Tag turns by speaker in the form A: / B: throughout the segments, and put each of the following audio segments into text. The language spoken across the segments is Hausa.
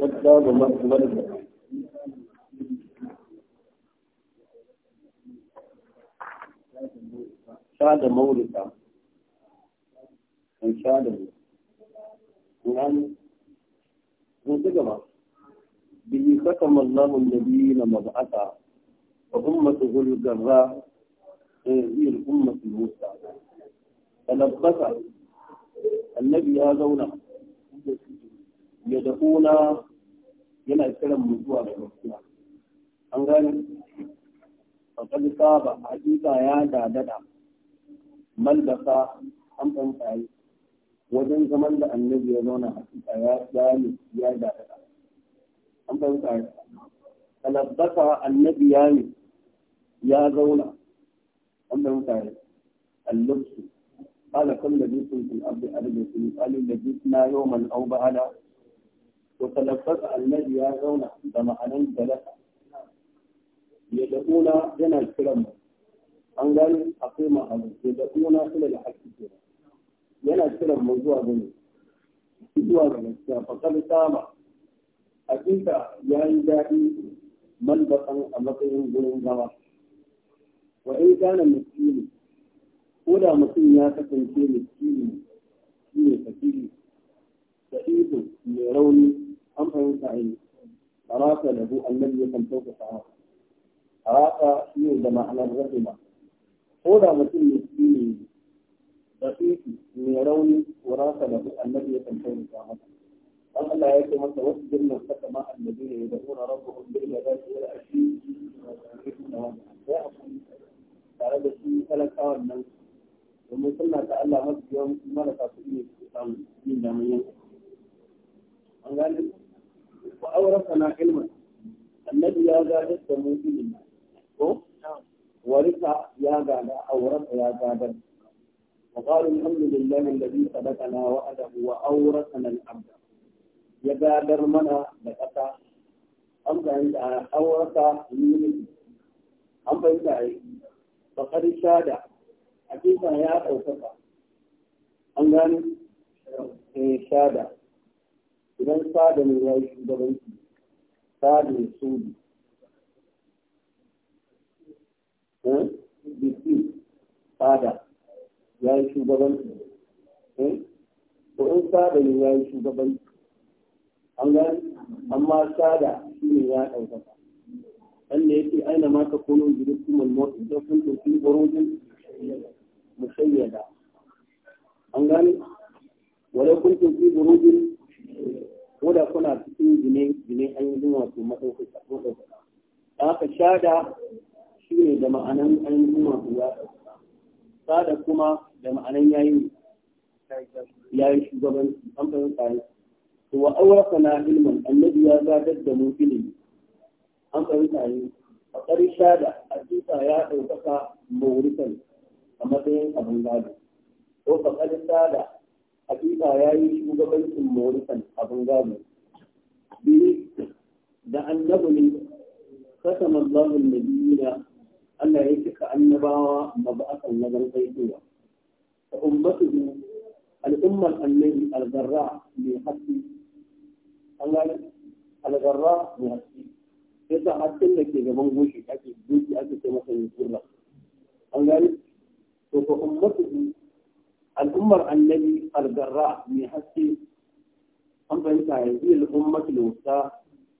A: والدال والدال شاد مورثا من شاد نعم. به ختم الله النبيين مبعثا وأمته الجراء هي الأمة الموسى فلبث النبي هذا يدعونا yana kiran mu zuwa ga gaskiya an gane faƙar saba hakika ya dadada mallaka an fanta wajen zaman da annabi ya zauna hakika ya gane ya dadada an fanta yi talabbaka annabi ya ne ya zauna an fanta yi allabsu قال كل الذي في الارض الأرض أرجو قال الذي كنا يوما أو بعد وتلفظ النبي يا زونا بمعنى جلسة يدعونا جنا الكرم an gani akwai ma'amu da da kuna suna da haƙƙi ke yana kiran mu zuwa gani zuwa ga gaskiya fakar sama hakika ya yi daɗi malbakan a matsayin gurin zama wa in gane miskini ko da mutum ya kasance miskini shi ne fakiri da iko mai rauni an fahimta a yi arata da bu annabi ya kan tauka sa arata shi ne da ma'anar rahima ko da mutum ne shi ne da shi ne rauni ko warasa da bu annabi ya kan tauka sa dan Allah ya ce masa wasu jinnan saka ma annabi ne da kuma rabbuhum bil da wal ashi sai a tare da shi talakawan nan domin suna ta Allah masu yawan marasa su ne su samu yin damar yin an gane wa aurasana ilman annabi ya gadar da mu ilimi ko warisa ya gada aurasa ya gadar وقالوا الحمد لله الذي صدقنا وعده وأورثنا الأرض يقادر منا لقطع أم فهمت أورث من أم فهمت أي فقد الشادع أكيد يا أوفقا أم قال شادع idan sada ne ya yi shugabanci sadamin sulu eh? bisi sada ya yi shugabanci eh? to sada ne ya yi shugabanci an gani amma sada shi ne ya ɗaukaka wanda yake aina ma ka kono gidan kuma motsi da kun tafi barojin musayyada an gani wadda kun tafi barojin ko da kuna cikin gine gine an yi zuwa su maɗaukaka da haka shada shi ne da ma'anan an yi zuwa su ya sada kuma da ma'anan yayin yayin shugabanci an fahimta ne to wa auraka na ilmin annabi ya gadar da mu ilimi an fahimta ne a ƙarshe da hakika ya ɗaukaka mauritan a matsayin abin gado ko faƙar sada hakika ya yi shugabancin moritan abin gado biyu da annabu ne kasam biyu na, Allah ya cika annabawa a mab'asan na gargaitowa ta ummatu al'ummar annabi al'garra, mai haske an gane al mai haske yasa hasken da ke gaban goshi ake goshi ake ce masa yin an gane to ta ummatu al'ummar annabi algarra mai haske an fahimta ya zai al'ummar lausa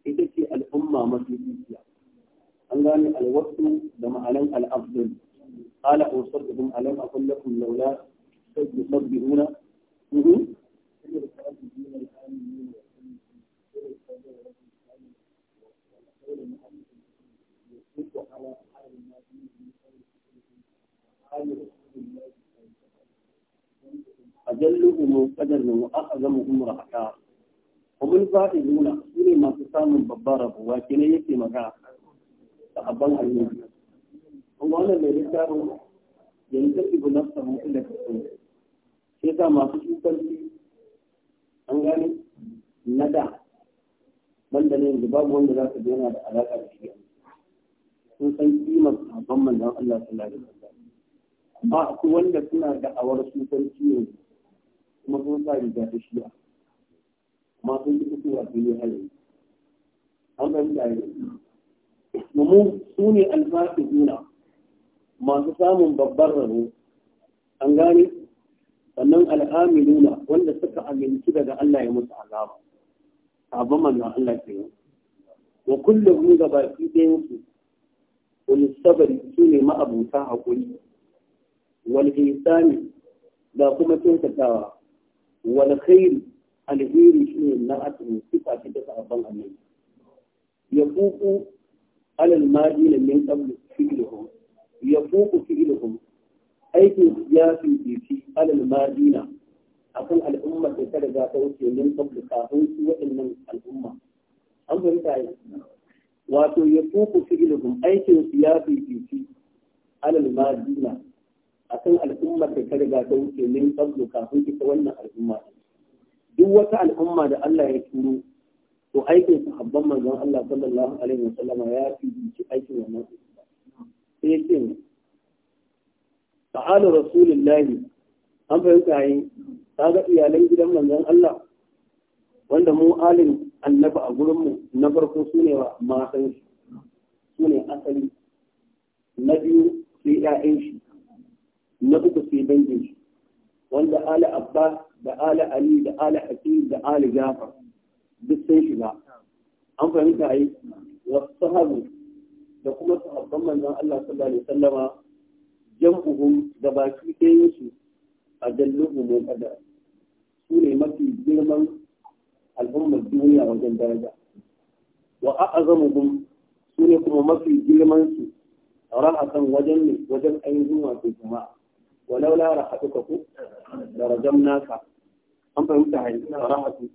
A: ita ce al'umma mafi dukiya an gane alwasu da ma'anan al'abdul قال أوصدهم ألم أقل لكم لولا تسبحون Thank you. ajalluhum qadaran wa a'zamuhum rahata humul fa'iluna sune masu samun babbar rabuwa kenan yake magana sahabban annabi kuma wannan mai littafin yanzu ibu nafsa mutum da kasan sai sa masu shukanci an gani. na da banda ne yanzu babu wanda za su yana da alaƙa da shi sun san kimar sahabban manzon Allah sallallahu alaihi wasallam amma ku wanda suna da'awar shukanci yanzu kuma sun sa riga ta shiya amma sun ji fitowa sun yi halayi an fahimta yi domin su ne alfafi nuna. masu samun babbar rabo an gane sannan al'amiluna wanda suka aminci daga Allah ya musu azaba sabon manzon Allah ke yi wa kullum ga baki ɗayan su wani sabari su ne ma'abuta haƙuri wal hisani da kuma kyautatawa Wani khair alheri shine na asibi sifa ce ta sahabban annabi ya kuku alal madi lam min qabl fi'luhum ya kuku fi'luhum aikin fi biki alal madina akan al'ummar da ta riga ta wuce min qabl kafin su waɗannan al'umma an fahimta yi wato ya kuku fi'luhum aikin fi biki alal madina akan al'ummar da ta riga ta wuce min kafin ita wannan al'umma duk wata al'umma da Allah ya turo to aikin sahabban manzon Allah sallallahu alaihi wasallama ya fi aikin wannan sai yake ne ta'ala rasulullahi an fahimta yi ga iyalan gidan manzon Allah wanda mu alin annabi a gurinmu na farko su ne matan shi sune asali na biyu sai 'ya'yan shi na uku sai dangin shi wanda ala abbas da ala ali da ala hakim da ala jafar duk sun shiga an fahimta ai wa sahabu da kuma sahabban manzon Allah sallallahu alaihi wasallama jam'uhum da baki ɗayan su a dalluhu mu kada su ne mafi girman al'ummar duniya wajen daraja wa a'azamuhum su ne kuma mafi girman su ra'akan wajen ne wajen ainihin wato jama'a walau la rahatuka ku da rajamnaka an fahimta hayyana rahatu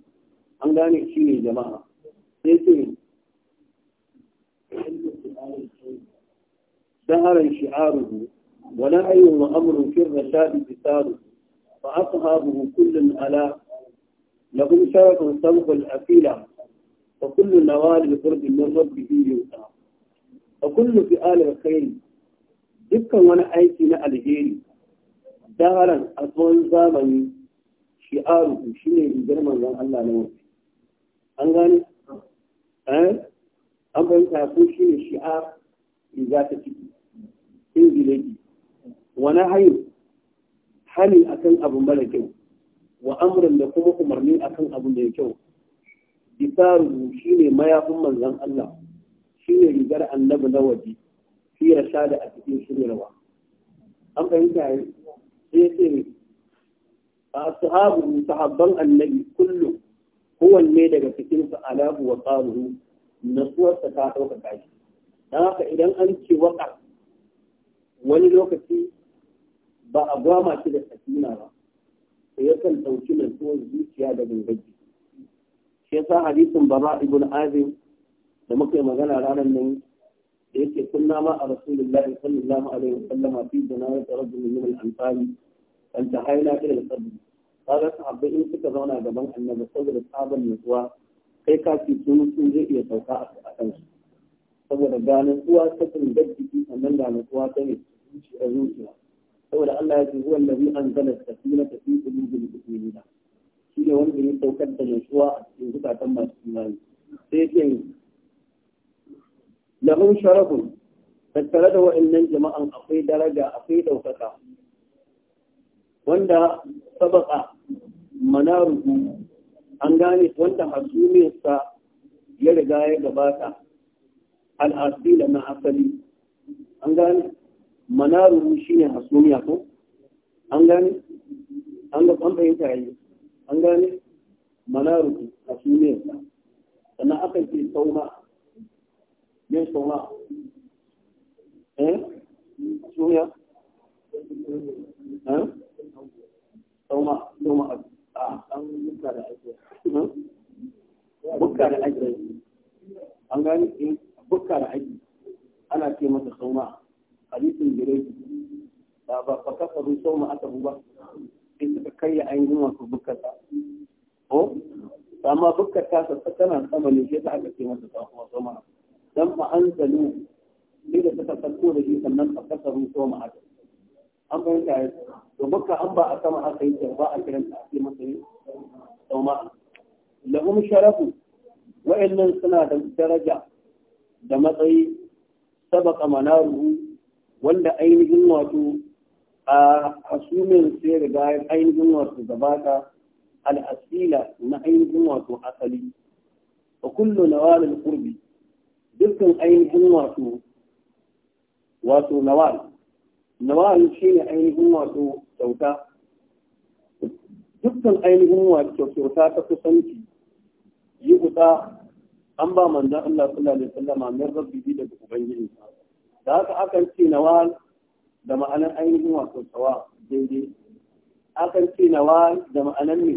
A: an gane shi ne jama'a شعاره ولا أي أمر في الرشاد بثاره فأصحابه كل ألا لهم شرف سوق الأفيلة وكل نوال القرب من ربه يؤتى وكل في آل الخير دكا وانا أيتنا الهيري daren a tsohon zamani shi'aru shi ne rigar manzan Allah na wasu an gane eh? an fahimta ko shi ne shi'ar riga ta ciki ingilegi wani hali a akan abu mara kyau wa amuran da kuma umarni akan abu mai kyau bisaru shi ne mayafin manzan Allah shi ne rigar annabi na waje fi sha da a cikin shirarwa an fahimta yi sai ce ne ashabu sahabban annabi kullum kowanne daga cikinsa su alahu wa qalu ta dauka kashi dan haka idan anke ce wani lokaci ba a gwama shi da sakina ba sai yakan dauki nasuwar zuciya da gangaji shi yasa hadisin bara ibun azim da muka yi magana ranar nan da yake kunna ma a rasulullahi sallallahu alaihi wasallam fi janayat rajul min al-ansari ta haina ila al kaga sahabbai in suka zauna gaban annabi saboda sabon nutsuwa kai ka ci sun sun zai iya sauka a kansu saboda ga uwa, ta kan jiki sannan ga nutsuwa ta ne da zuciya saboda Allah ya ce huwa allazi anzala tafiya, sakinata fi qulubil mu'minina shi ne wanda ya saukar da nutsuwa a cikin zukatan masu imani sai yake lahu sharafun tattare da waɗannan jama'an akwai daraja akwai ɗaukaka wanda sabaka manaruhu an gane wanda hasumiyarsa ya riga ya gabata al'asila na asali an gane manaruhu shine hasumiya ko an gane an ga kwamfayin tare an gane manaruhu hasumiyarsa sannan aka ce sauma yin sauna eh suya eh sauna sauna a ah, an da ake hmm? buka da ake an gani in eh, buka da ake ana ce masa sauna hadisin gireji da ba fa kafaru sauna aka buba sai suka an yi wasu bukkata ko oh? amma bukkata sa tana sama ne sai ta aka ce masa sauna dan fa an tsalu ne da suka sako da shi sannan a kasa ruso ma haka an bayan ta yi an ba a sama haka yi ba a kiran ta ake masa yi sau ma lahum sharafu wa'annan suna da daraja da matsayi sabaka manaru wanda ainihin wato a asumin sai riga ainihin wato gabata al'asila na ainihin wato asali wa kullu nawalil qurbi dukkan ainihin wato wato nawal nawal shi ne ainihin wato kyauta dukkan ainihin wato kyauta ta kusanci yi kuta an ba manzan Allah sallallahu alaihi wasallam min rabbi daga ubangiji da haka akan ce nawal da ma'anar ainihin wato tsawa daidai akan ce nawal da ma'anar ne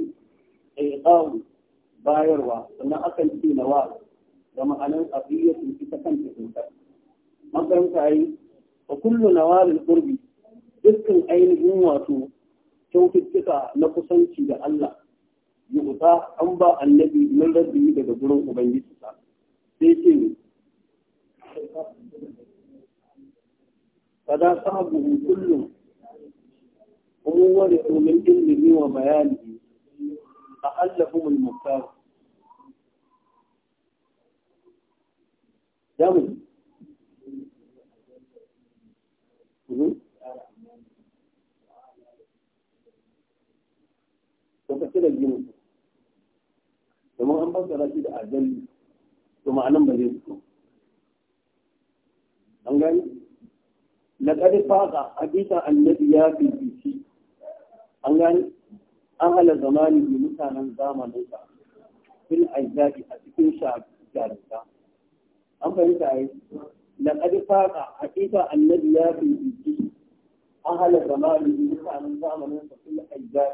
A: ƙaiƙawu bayarwa sannan akan ce nawal da ma'anar abiyyatu ita kanta cutar makaranta yi wa kullu nawalil qurbi dukkan ainihin wato kyaututtuka na kusanci da Allah yi kusa an ba annabi min rabbi daga gurin ubangiji sa sai ce kada sahabu kullum umuwar domin wa bayani a allahumul muktar دم وكثير الجنس وما أن بصر شيء أجل ومعنى بليسكم an gani laƙari faɗa hadisa annabi ya fifici an gani an hala zamani da mutanen zamaninsa fil aizaki a cikin shagarta an fahimta a yi laƙar faƙa haƙiƙa annabi ya fi jiki a halar zamanin da suka nan zamanin sa sun aiza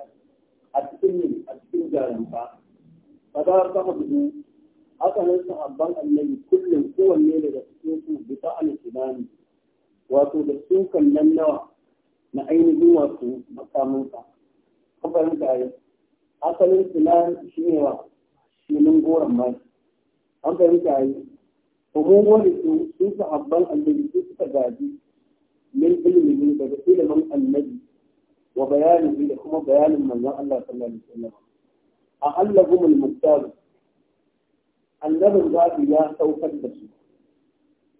A: a cikin ne a cikin jarumfa ba za a kama hudu haka nan sahabban annabi kullum kowanne ne da cikin su bi ta alifinani wato da sukan nan nawa na ainihin wasu wato makamin sa an fahimta a yi asalin sinan shi ne wa shi nan goron mai an fahimta a yi ومو ولد سوء صحبان الذي سوء تجادي من علمه بدأ من النبي وبيانه لكم بيان من الله صلى الله عليه وسلم أعلهم المختار annabin zaɓi ya saukar da su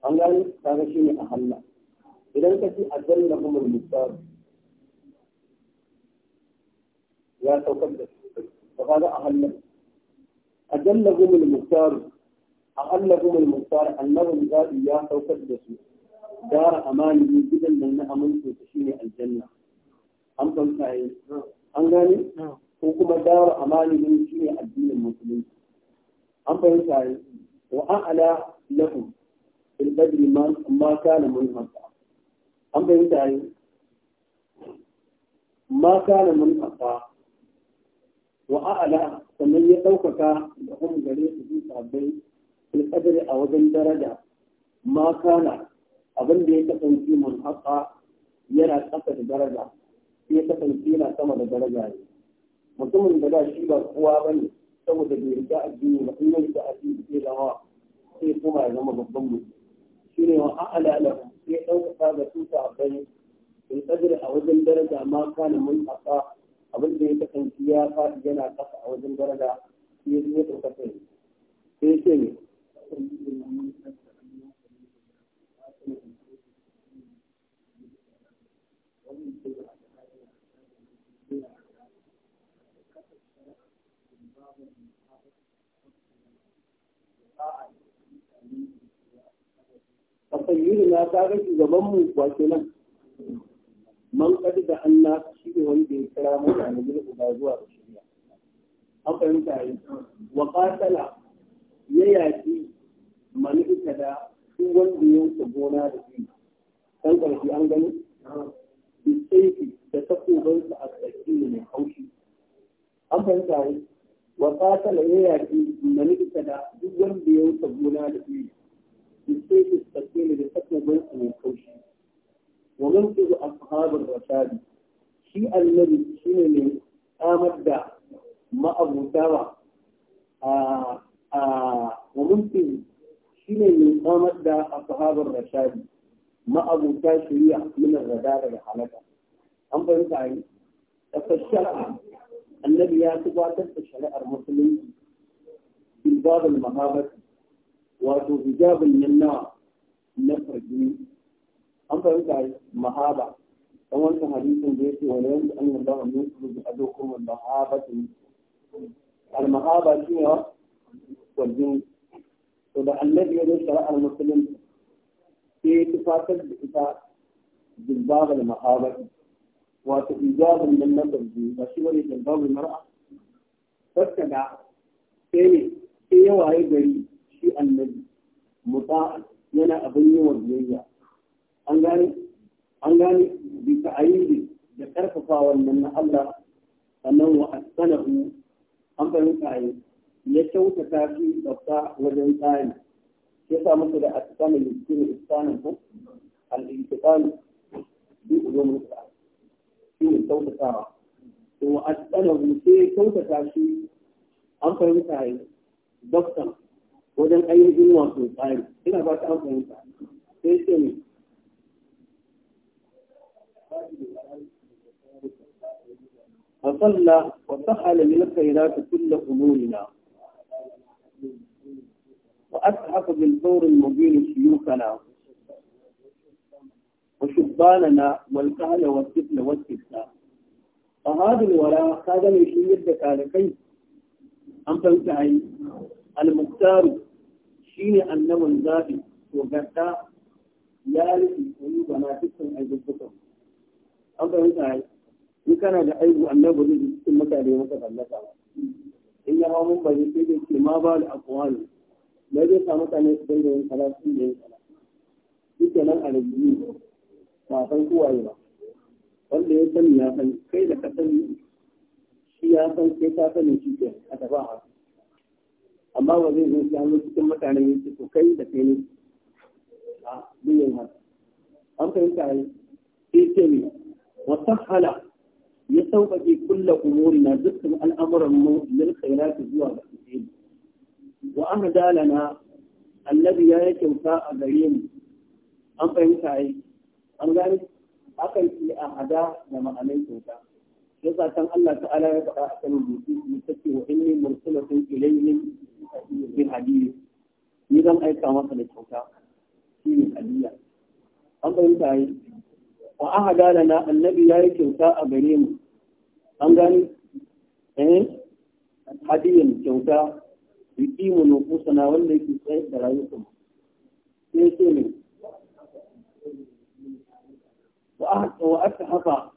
A: an gani kaga shi ne a halla idan ka ce a janna kuma mutsar ya saukar da su ba kaga a halla a janna kuma mutsar a hallaku mai mutar annabin zaɓi ya saukar da su gara amani ne gidan nan na aminci ta shi ne aljanna an fanta yi an gane ko kuma gara amani shi ne
B: addinin musulunci
A: an fanta yi wa an ala lafi ilbadri ma mata na mun haka an fanta yi mata na mun haka wa'ala sannan ya ɗaukaka da kuma gare su su sabbin fil a wajen daraja abin da ya kasance mun yana ƙasa da daraja sai ya kasance yana sama da daraja ne mutumin da da shi ba kowa ba ne saboda bai riga ba in ya riga addini sai zama sai kuma ya zama babban mutum shi ne wa a'ala lahu sai ɗaukaka da tuta a bai bai a wajen daraja mun ya kasance ya faɗi yana ƙasa a wajen daraja sai tsayyiri na ta ga shugabanmu wa kenan man kadi da Allah shi ne wanda ya kira mutane bil uba zuwa ga shari'a an fahimta yi wa qatala ya yaki mani da duk wanda ya gona da shi kan ƙarfi an gani bisaifi da takobansa a tsaki mai haushi an fahimta wai wa ƙasala ya yaƙi mani da duk wanda ya gona da shi bisaifi da tsaki da takobansa mai haushi wa a tuzu ashabul rashadi shi annabi shine mai samar da ma'abutawa a a wa شيني من قامت دا أصحاب الرشاد ما أبو تاشوية من الردار لحالك أم بنتعي فالشرع النبي ياتب واتب الشرع المسلم في باب المهابة وفي هجاب المنا نفر الدين أم بنتعي مهابة أول حديث بيتي ولين أن الله يسر بأدوكم المهابة المهابة هي والجنس to da annabi ya zo shari'ar musulunci ke ya tufatar da ita jilbabul mahabar wato ijabun nan na barji ba shi bane jilbabul mar'a da sai ne yawa ya waye gari shi annabi muta yana abin yi wa biyayya an gane an gane bi ta'ayyidi da karfafa wannan na Allah sannan wa asanahu an fahimta yi ya kyautata shi babba wajen tsari ya sa musu da asibana yankin istanin ko al'intiqalu bi ulumul qur'an shi ne kyautatawa to asibana sai ta shi an fahimta yi doktan wajen ainihin wato tsari ina ba ta an fahimta sai ce ne فصلى وسهل من الخيرات كل امورنا وأسحق من دور المبين شيوخنا وشباننا والكهل والسفل والسفل فهذا الولاء هذا يشير لك على كيف أم تنتعي المختار شيني أنه الزابي وقرتا يالك الحيوب أنا تكتن أي بالكتب أم تنتعي وكان يحيب أنه الذي ثم تعليمك فالنسى إنها هم بيسيدي اجتماع الأقوال me zai sa mutane su dinga yin kaza su yin kaza duk nan a rubutu ba san kowaye ba wanda ya sani ya sani kai da ka sani shi ya san sai ka sani shi ke a tafi a amma ba zai zo shi hannu cikin mutane ya ce to kai da kai ne a biyan haka an fahimta ne sai ce ne wata hala ya sauƙaƙe kulla umuri na dukkan al'amuran mu lil khairati zuwa ga alheri wa amda lana annabi ya yi kyauta a gare mu an fahimta yi an gani. akan yi a hada da ma'anin kyauta yasa kan Allah ta'ala ya faɗa a kan rubutu ne take wa inni mursalatun ilayhim bi hadith ni zan aika maka da kyauta shi ne hadiya an fahimta yi wa ahada lana annabi ya yi kyauta a gare mu an gane eh hadiyan kyauta يقيم نفوسنا ولا يكسر درايكم يسمي إيه وأحد وأتحف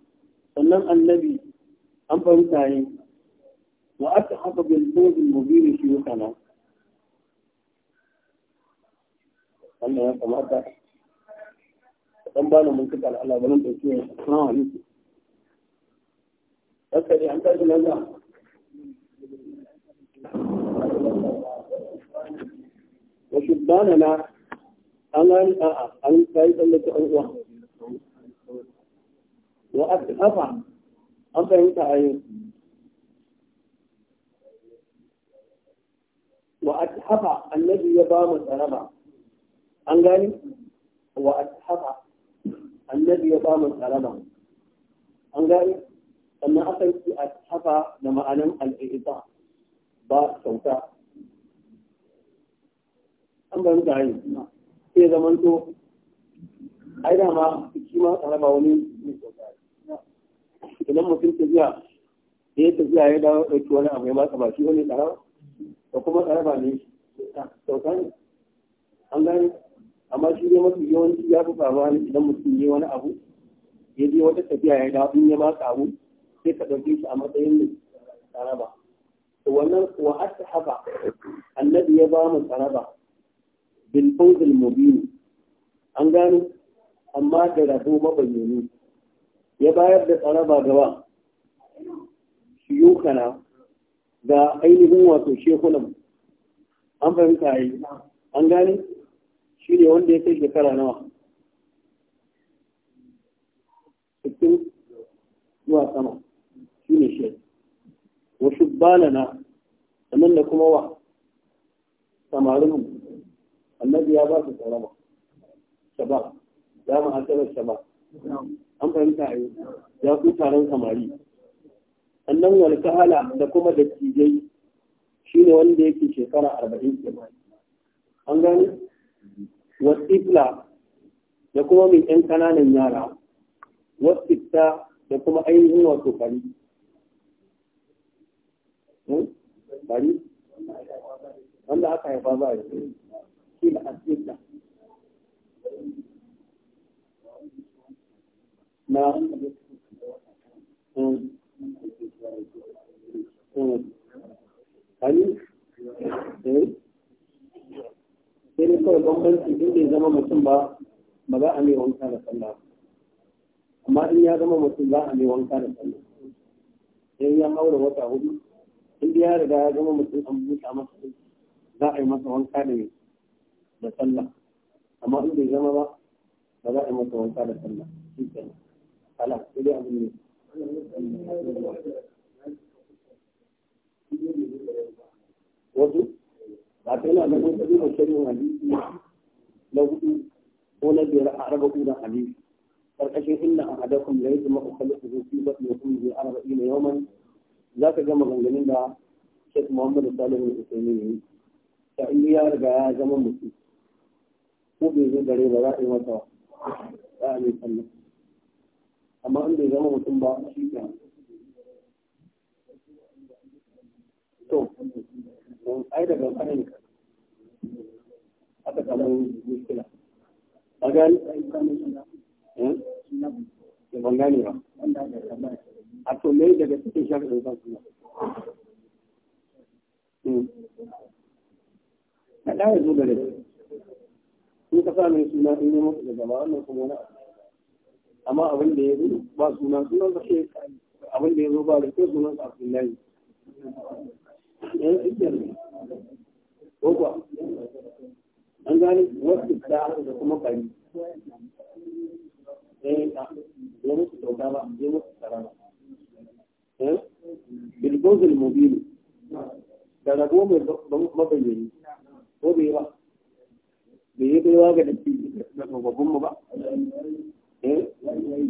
A: سلم النبي أم فهمتاني وأتحف بالفوز المبين شيوخنا Allah ya kamata dan ba mun kika al'ala ba nan da ke assalamu وشباننا أنا أنا سعيد التي أروح وأفع أفع أنت عين وأتحفع الذي يبام الأربع أن قال الذي يبام الأربع أن قال أن أفع أتحفع لما أنا الإعطاء با سوداء an bayan da hayi sai zaman to ai dama shi ma karaba wani ne idan mutum tafiya da ya tafiya ya dawo ɗauki wani abu ya ma ba shi wani tsara da kuma ba ne sauka ne an gani. amma shi ne mafi yawanci ya fi faruwa ne idan mutum ya wani abu ya je wata tafiya ya dawo in ya ma abu sai ka ɗauke shi a matsayin ne ba wannan wa haka annabi ya ba mu ba. bil fawzil mubin an gano amma da rabo mabayyani ya bayar da tsaraba gaba shi yukana ga ainihin wato shekunan an fahimta yi an gane shi ne wanda ya kai shekara nawa cikin zuwa sama shi ne shi wasu shubbalana sannan da kuma wa samarinmu annabi ya ba su tsaraba shabab ya ma'asarar shabab an fahimta a ya ku taron samari annan kahala da kuma da tijai shi ne wanda yake shekara arba'in kimanin an gani wasifla da kuma mai yan kananan yara wasifta da kuma ainihin wato fari hmm? fari wanda aka haifa ba yi تشكيل الأدلة نعم هل zama mutum ba ba za a mai wanka da sallah amma in ya zama mutum za a mai wanka da sallah in ya haura wata hudu in ya riga ya zama mutum an buta masa za a yi masa wanka da mai da sallah amma in bai zama ba ba za a masa wanka da sallah shi kenan ala sai dai abin ne wasu ba ta yana ganin kudi da shirin hadisi na hudu ko na biyar a arba kuna hadisi karkashin inna a hadakun da yake maka kalli su fi ba ne kuma zai arba ina yawman za ka gama ganganin da Sheikh Muhammadu Salihu Usaini ne ta inda ya riga ya zama mutum ko bai zo gare ba za a yi masa za a yi sallah amma bai zama mutum ba shi ke to don ai daga kanin aka samu a gani da eh? eh, ban gane ba a to daga cikin shafin kuma na hmm. zo in ka sa mai suna in yi da gaba wannan kuma wani abu amma abin da ya zo ba suna sunan sa ke abin da ya zo ba da ke sunan sa ko kuwa an gane wasu da da kuma bari eh, ya musu ba ya musu eh? ba ko bai ba kewa ga datti da tsofaffin mu ba eh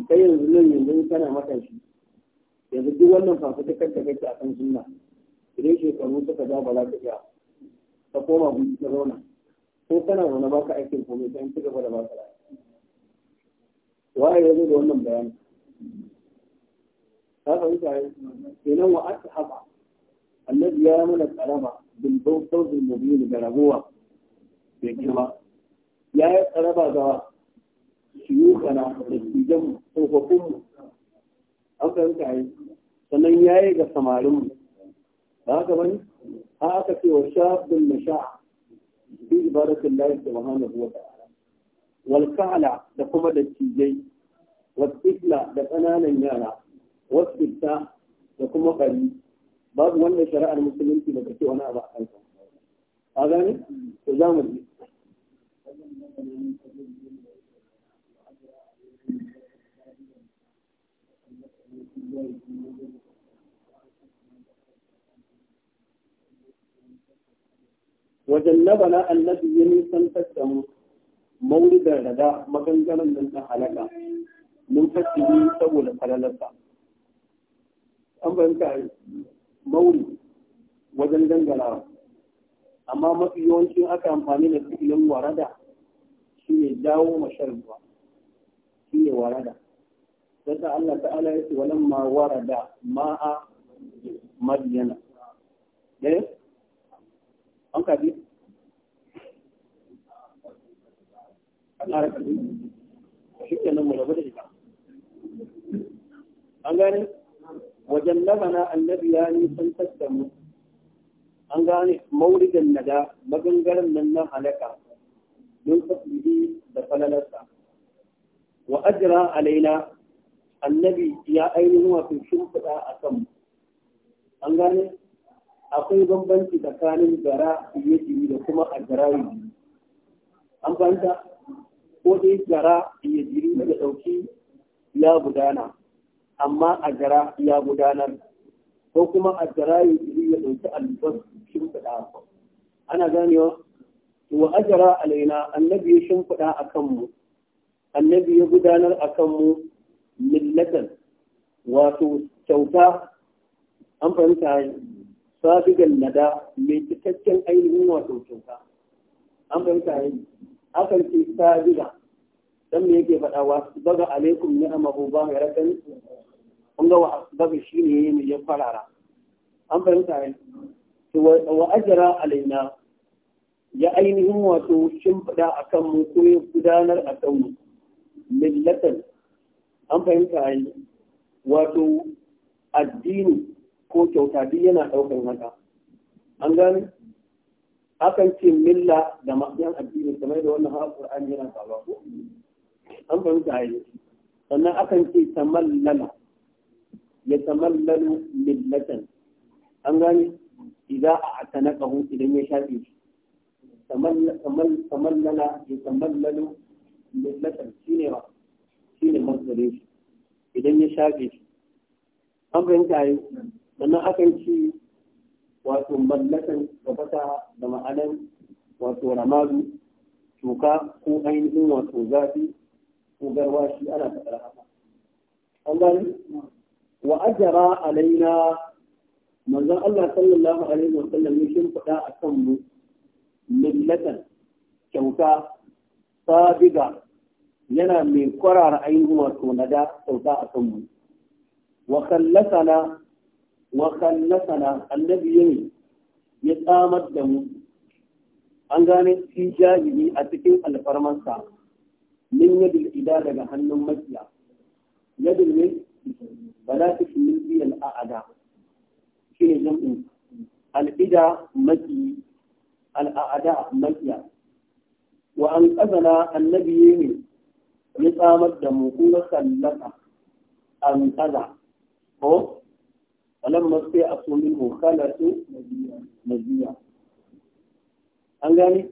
A: kai yanzu nan yanzu kana shi yanzu duk wannan fafutukar da kake a kan sunna idan shekaru suka ja ba za ka iya ka koma gudu ka zauna ko kana zaune ba ka aikin komai sai ci gaba da ba ka waye ya zo da wannan bayani ta fahimta ya kenan wa aka haɓa annabi ya yi mana tsaraba bin bautar ne da rabuwa bai girma ya yi tsaraba ga shiyukana da tijan tsofaffinmu an fahimta yi sannan ya yi ga samarinmu ba haka bani ha aka ce wa shafin masha bi ibaratin da subhanahu wa ta'ala wal ka'ala da kuma da cijai, wal da ƙananan yara wal da kuma ƙari babu wanda shari'ar musulunci ba ta ce wani abu a kansa a gani? za mu wajen na bana an nadi nisan tafiya mawuri da rada maganganun nan da halaka nun tafiya yi saboda kalalata an ba yanka yi mawuri wajen amma mafi aka amfani da tafiya warada shi ne dawo mashan ruwa shi ne warada sai Allah ta'ala ya ce walan ma warada ma'a madyana eh an ka bi Allah ya ka bi shi kenan mu rabu da ita an gane wajen labana annabi ya nisantar da tattamu an gane mauridan nada magangaren nan na halaka min fadlihi da falalarsa Wa'ajira ajra alaina annabi ya ainihin wato shimfiɗa a kan an gane akwai bambanci tsakanin gara iya da kuma ajra yi an fahimta ko dai gara iya jiri da ɗauki ya gudana amma ajra ya gudanar ko kuma ajra yi ya ɗauki albas shimfiɗa ana ganewa wa ajara alaina annabi ya shimfiɗa a kanmu annabi ya gudanar a kanmu millatan wato kyauta an fahimta sabigan nada mai cikakken ainihin wato kyauta an fahimta yi akan ce sabiga dan me yake faɗa wa baga alaikum ko ba ya rakan kun ga wa baga shine yayin ya farara an fahimta yi wa ajara alaina ya ainihin wato shimfiɗa a kan mu ko ya gudanar a kan mu millatan an fahimta yi wato addini ko kyauta duk yana ɗaukar haka an gane akan ce milla da ma'ayan addini kamar da wannan hawa Qur'an yana faruwa ko an fahimta yi sannan akan ce tamallala ya tamallalu millatan an gane idan a hun idan ya shafe shi tamallala ya tamallalu millatar shi ne ba shi ne mazalin shi idan ya shafe shi an fahimta yi sannan akan ci wato mallatan gabata da ma'anan wato ramadu cuka ko ainihin wato zafi ko garwashi ana faɗar haka an gani wa ajara alaina manzon Allah sallallahu alaihi wa sallam ya shimfiɗa akan mu millatan kyauta sabiga yana mai kwarara ainihin wato na da kyauta a kanmu wa kallasana wa kallasana annabi yayi ya tsamar da mu an gane shi jahili a cikin alfarmansa min yadil ida daga hannun makiya yadil ne ba za ta shi min a'ada shi ne jam'in al'ida maki الأعداء مكيا وأنقذنا النبي يقامت دموكونا خلقا أنقذ هو فلما استيأسوا منه خلقوا نبيا أنقاني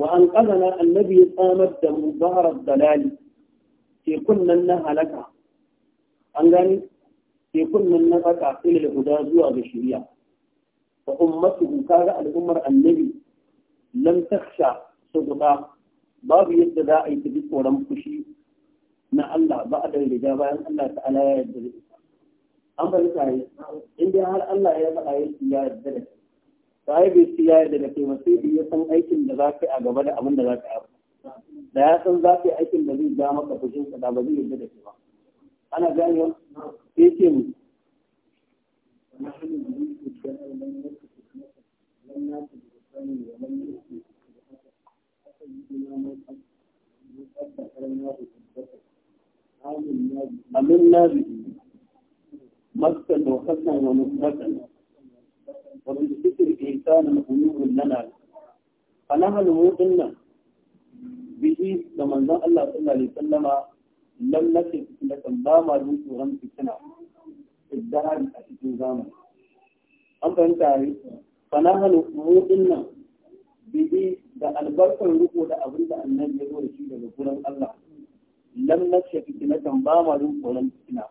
A: وأنقذنا النبي قامت دم ظهر الضلال في كنا نهلك أنقاني في كل من نهلك إلى الهدى زوى بشريا فأمته كان الأمر النبي lam taksha saboda babu yadda za a yi ta tsoron fushi na Allah ba a da riga bayan Allah ta'ala ya yadda da ita an bari ta yi in dai har Allah ya faɗa ya ya yadda da ta yi bai ci ya yarda da kai ba sai ya san aikin da za ka yi a gaba da abin da za ka yi ba, da ya san za ka yi aikin da zai ja maka fushin ka da ba zai yadda da kai ba ana ganewa sai ce mu nahnu mu nan bihi da manzon Allah sallallahu alaihi wasallama lam nakif da ba ma dun tsoron fitina idan a cikin zamani an ban tare fa nahnu mu dinnan bihi da albarkar riko da abin da annabi ya zo da shi daga gurin Allah lam nakif fitinatan ba ma dun tsoron fitina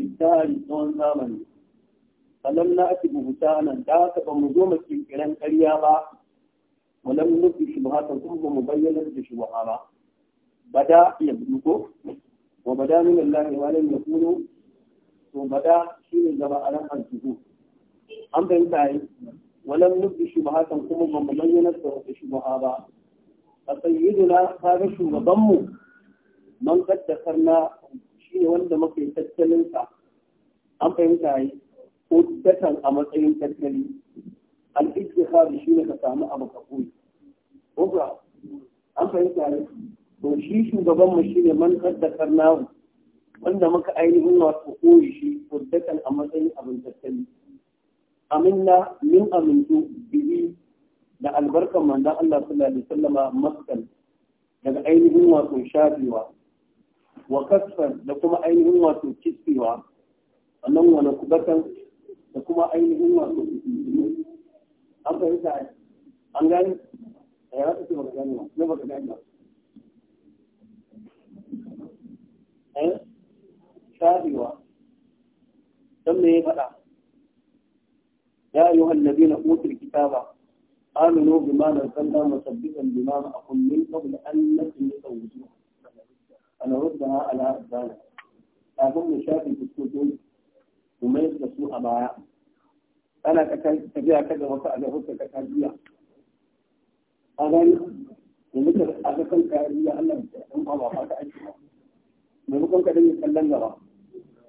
A: idan tsawon zamani alam na ake bubuta nan da aka ba mu zo mu kirkiran ƙarya ba ولم نبدي شبهات ثم مبينا بشبهة بدا يبدوكو وبدا من الله ولم لم يكون وبدا شين جرى على الجهود أم بنتاي ولم نبدي شبهات ثم مبينا بشبهة فسيدنا هذا شو ضمه من قد ذكرنا شين وانت مكي تتلنسا أم بنتاي قدة أمر أين تتلنسا al'ittihar shi ne ka samu kuka an fahimta ne to shi shugaban mu ne man da nahu wanda muka ainihin wato koyi shi kuddakan a matsayin abin tattali aminna min amintu bihi da albarkan manzon Allah sallallahu alaihi wasallama maskan daga ainihin wato shafewa wa kasfan da kuma ainihin wato kiskewa wannan wani kubatan da kuma ainihin wasu wato an fahimta an gani إيه يا أيها الذين أوتوا الكتاب آمنوا بما نزلنا مصدقا بما معكم من قبل أن نسلك وجوه أنا ردها على أبدانا أهم شافي في السجود وما لسوء معايا أنا تبيع كذا وسأل رد كتابية أغاني ومثل أغاكم كأرية الله أم الله هذا أجمع maimakon ka dinga kallon gaba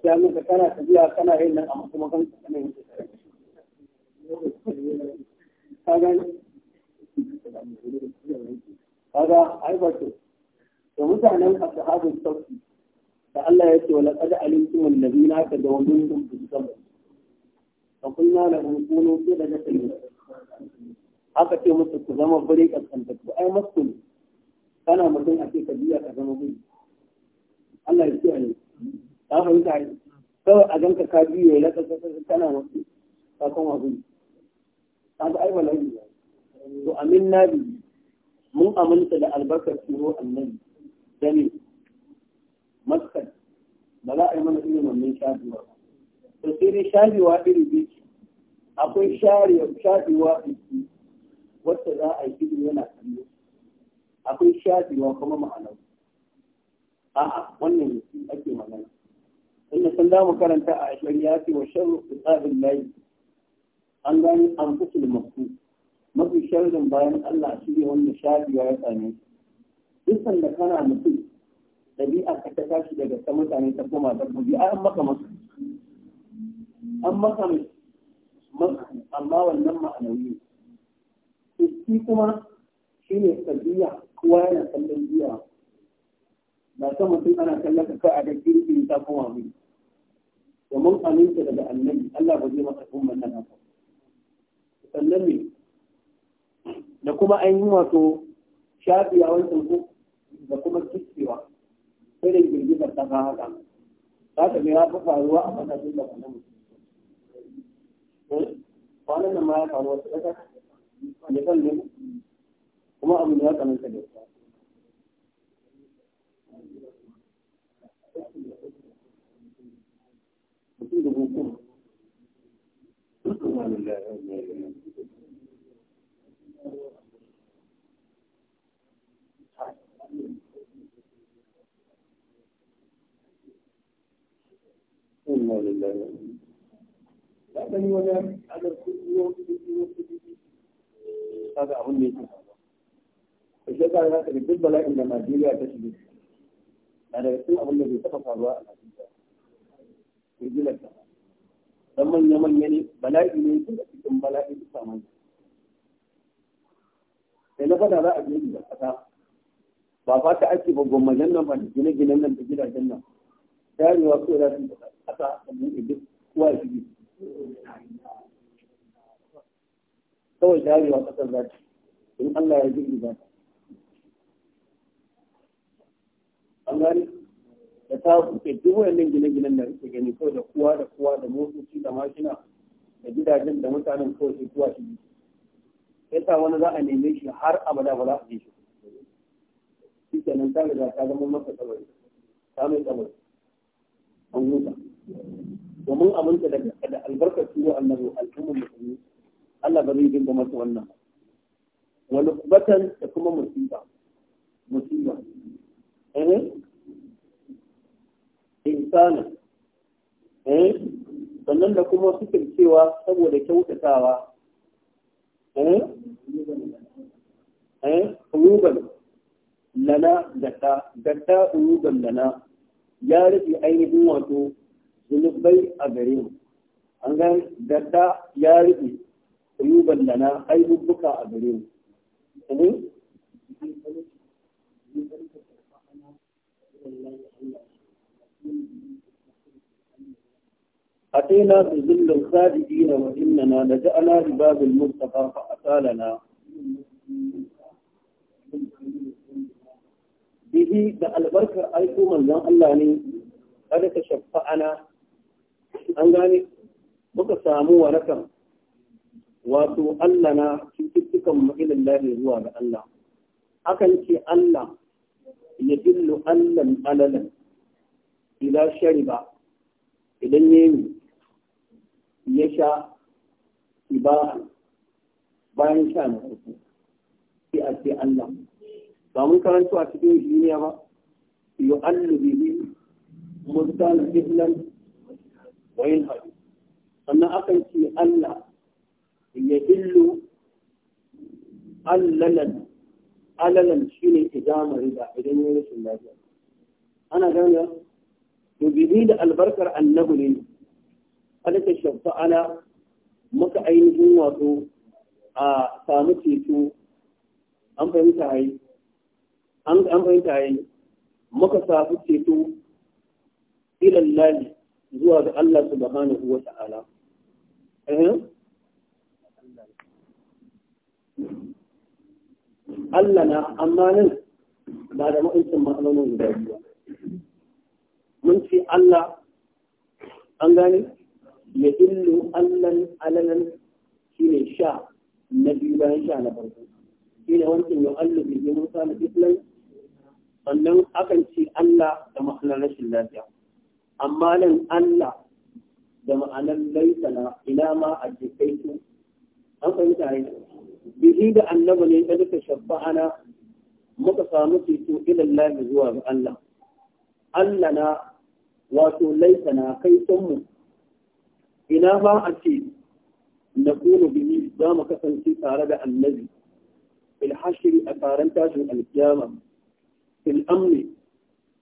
A: sai an ka kana tafiya kana yin nan amma kuma kan kana yin kaga kaga ai ba to to mutanen ashabul sauki da Allah ya ce wala qad alimtum alladhina tadawwuntum fi sabr fa qulna lahum kunu qiratan aka ce musu ku zama bare kaskantattu ai masu ne kana mutum a ce ka biya ka zama guri Allah ya ce ne ta fahimta ne kawai a ganka ka biyo ya laka kana masu ka koma guri ta ga ai bala'i to amin biyu. mun aminta da albarkar turo annabi da ne maskar ba za a yi mana ilimin mai shafiwa to sai dai shafiwa iri biyu akwai sharewa shafiwa iri wacce za a yi ido yana kallo akwai shafewa kuma ma'anar a'a wannan shi ake magana inda sun za mu karanta a ashirin ya ce wa sharru tsabin layi an gani an fusul masu mafi sharrin bayan Allah shi ne wanda shafewa ya same shi dukkan da kana mutum ɗabi'a ka ta tashi daga ta mutane ta koma dabbobi a an maka masu an maka masu amma wannan ma'anawi ne shi kuma shi ne tsabiya kowa yana kallon biya ba ta mutum ana kallon ka a da kirki ta kuma mai domin aminta daga annabi Allah ba zai masa umman nan ba sannan ne da kuma an yi wato shafiya wancan ko da kuma kiskewa sai da girgizar ta haka za ta ga ya fi faruwa a matakin da mutum eh? kwanan nan ma ya faru wasu ƙasa da kan nemi kuma abu da ya tsananta da ita mutum da Da wani yau kuɗi yau kuɗi kaga abin da yake faruwa to shi yasa zaka ga duk bala'in da Najeriya ta shige na daga cikin abin da bai taɓa faruwa a Najeriya rijilar ta dan manya manya ne bala'i ne daga cikin bala'i da samun sai na fada za a je da kasa ba ta ake ba gwamnatin nan ba da gine-ginen nan da gidajen nan tarewa ko za da kasa a buɗe duk kowa ya shige kawai wa kasar za in Allah ya girgi za an gani da ta kuke duk wayannan gine-ginen da kuke gani kawai da kuwa da kuwa da motoci da mashina da gidajen da mutanen kawai su kuwa shi yasa wani za a neme shi har abada ba za a je shi shi kenan ta riga ta zama masa tsabari ta mai tsabari an huta domin abinta da albarkar turo annabi al'ummar musulmi Allah ba zai dinga masa wannan wani batan da kuma musiba musiba eh insana eh sannan da kuma cewa saboda kyautatawa eh eh ruban lana gata gata ruban lana ya rufe ainihin wato zunubai a gare mu an ga gata ya rufe kuyuban lana aibubbuka a gare mu أتينا بظل الخالدين وإننا لجأنا لباب المصطفى فأطالنا به da albarkar aiko manzan Allah ne kada ka shafa'ana an gane muka samu warakan wato Allah na cututtukan ma'ilin lahi zuwa ga Allah akan ce Allah ya dillu Allahn alalan idan ba idan yemi ya sha iba bayan sha na uku sai a ce Allah ba mun karanta a cikin duniya ba yu'allu bihi muddan ibnan wa yanhadu sannan akan ce Allah يدل أللا أللا شيني إدامة رضا إذن ana الله أنا قال يبيد البركة النبل أنا تشبت على muka ainihin wato a samu ceto an fahimta yi an fahimta yi maka samu ceto ga Allah Allah na amma nan ba da ma'incin matsalolin guda biyu mun ce Allah an gane ya illu Allah alalan shi ne sha na biyu bayan sha na farko shi ne wancan yau Allah bi yi musa na islam sannan akan ce Allah da ma'anar rashin lafiya amma nan Allah da ma'anar laifana ina ma a jikai an fahimta ne bihi da annaba ne ya duka shabba'ana muka samu ceto ilallahi zuwa ga Allah Allah na wato laifa na kai mu ina ba a ce na kuna bihi za mu kasance tare da annabi fil hashiri a taron tashin alkiyama fil amni